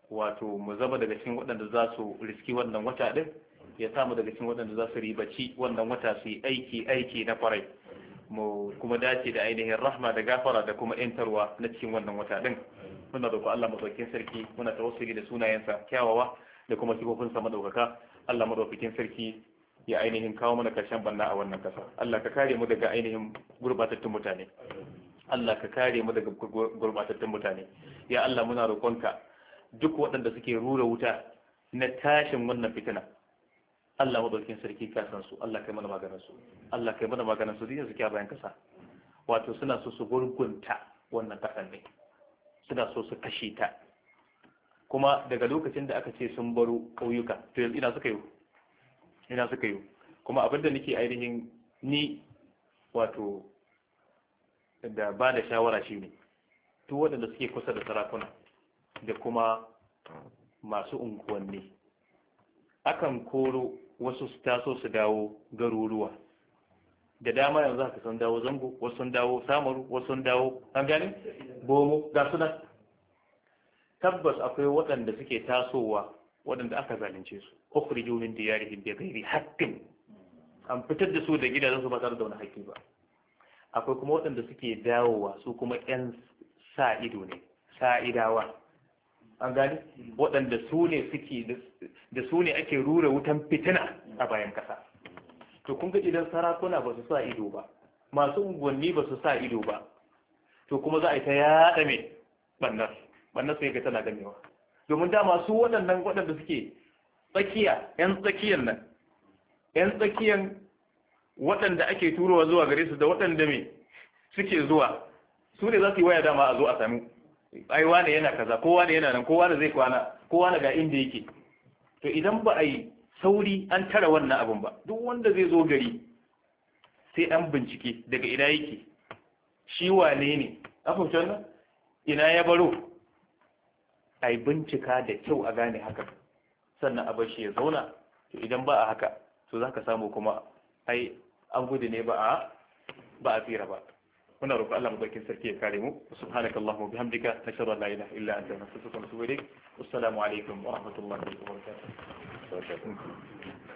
wato mu zama daga cikin waɗanda za su riski wannan wata ɗin ya mu daga cikin waɗanda za su ribaci wannan wata su yi aiki aiki na kwarai mu kuma dace da ainihin rahma da gafara da kuma intarwa na cikin wannan wata din muna roƙo Allah madaukakin sarki muna tawassuli da sunayensa kyawawa da kuma sifofinsa madaukaka Allah madaukakin sarki ya ainihin kawo mana karshen banna a wannan kasa Allah ka kare mu daga ainihin gurbatattun mutane Allah ka kare mu daga gurbatattun mutane ya Allah muna roƙonka duk waɗanda suke rura wuta na tashin wannan fitina Allah madaukin sarki ka san su Allah kai mana maganar su Allah kai mana maganar su dinin zakiya bayan kasa wato suna so su gurgunta wannan kasan ne suna so su kashe ta kuma daga lokacin da aka ce sun baro ƙauyuka to yanzu ina suka yi ina suka yi kuma abinda nake ainihin ni wato da ba da shawara shi ne duk waɗanda suke kusa da sarakuna da kuma masu unguwanni akan koro wasu su taso su dawo garuruwa da dama yanzu ka san dawo zango wasu dawo samaru wasu dawo an gani bomo ga suna tabbas akwai waɗanda suke tasowa waɗanda aka zalunce su ukhriju min diyarihim bi ghairi haqqin an fitar da su da gidajensu ba tare da wani haƙƙi ba akwai kuma waɗanda suke dawowa su kuma ƴan sa ido ne sa'idawa an gane waɗanda su ne suke da su ne ake rura wutan fitina a bayan ƙasa to kun ga idan sarakuna ba su sa ido ba masu unguwanni ba su sa ido ba to kuma za a yi ta yaɗa mai ɓannar ɓannar sai ga tana ganewa. domin dama su waɗannan waɗanda suke tsakiya yan tsakiyan nan yan tsakiyan waɗanda ake turowa zuwa gare su da waɗanda mai suke zuwa su ne za su yi waya dama a zo a sami ai wane yana kaza kowa ne yana nan kowa ne zai kwana kowa ne ga inda yake to idan ba a yi sauri an tara wannan abin ba duk wanda zai zo gari sai an bincike daga ina yake shi wane ne a fahimtar ina ya baro a yi bincika da kyau a gane haka sannan a bashi ya zauna to idan ba a haka to za ka samu kuma ai an gudu ne ba a ba a tsira ba هنا رب الله مضيك سركي كريم سبحانك اللهم وبحمدك نشهد ان لا اله الا انت نستغفرك ونتوب اليك والسلام عليكم ورحمه الله وبركاته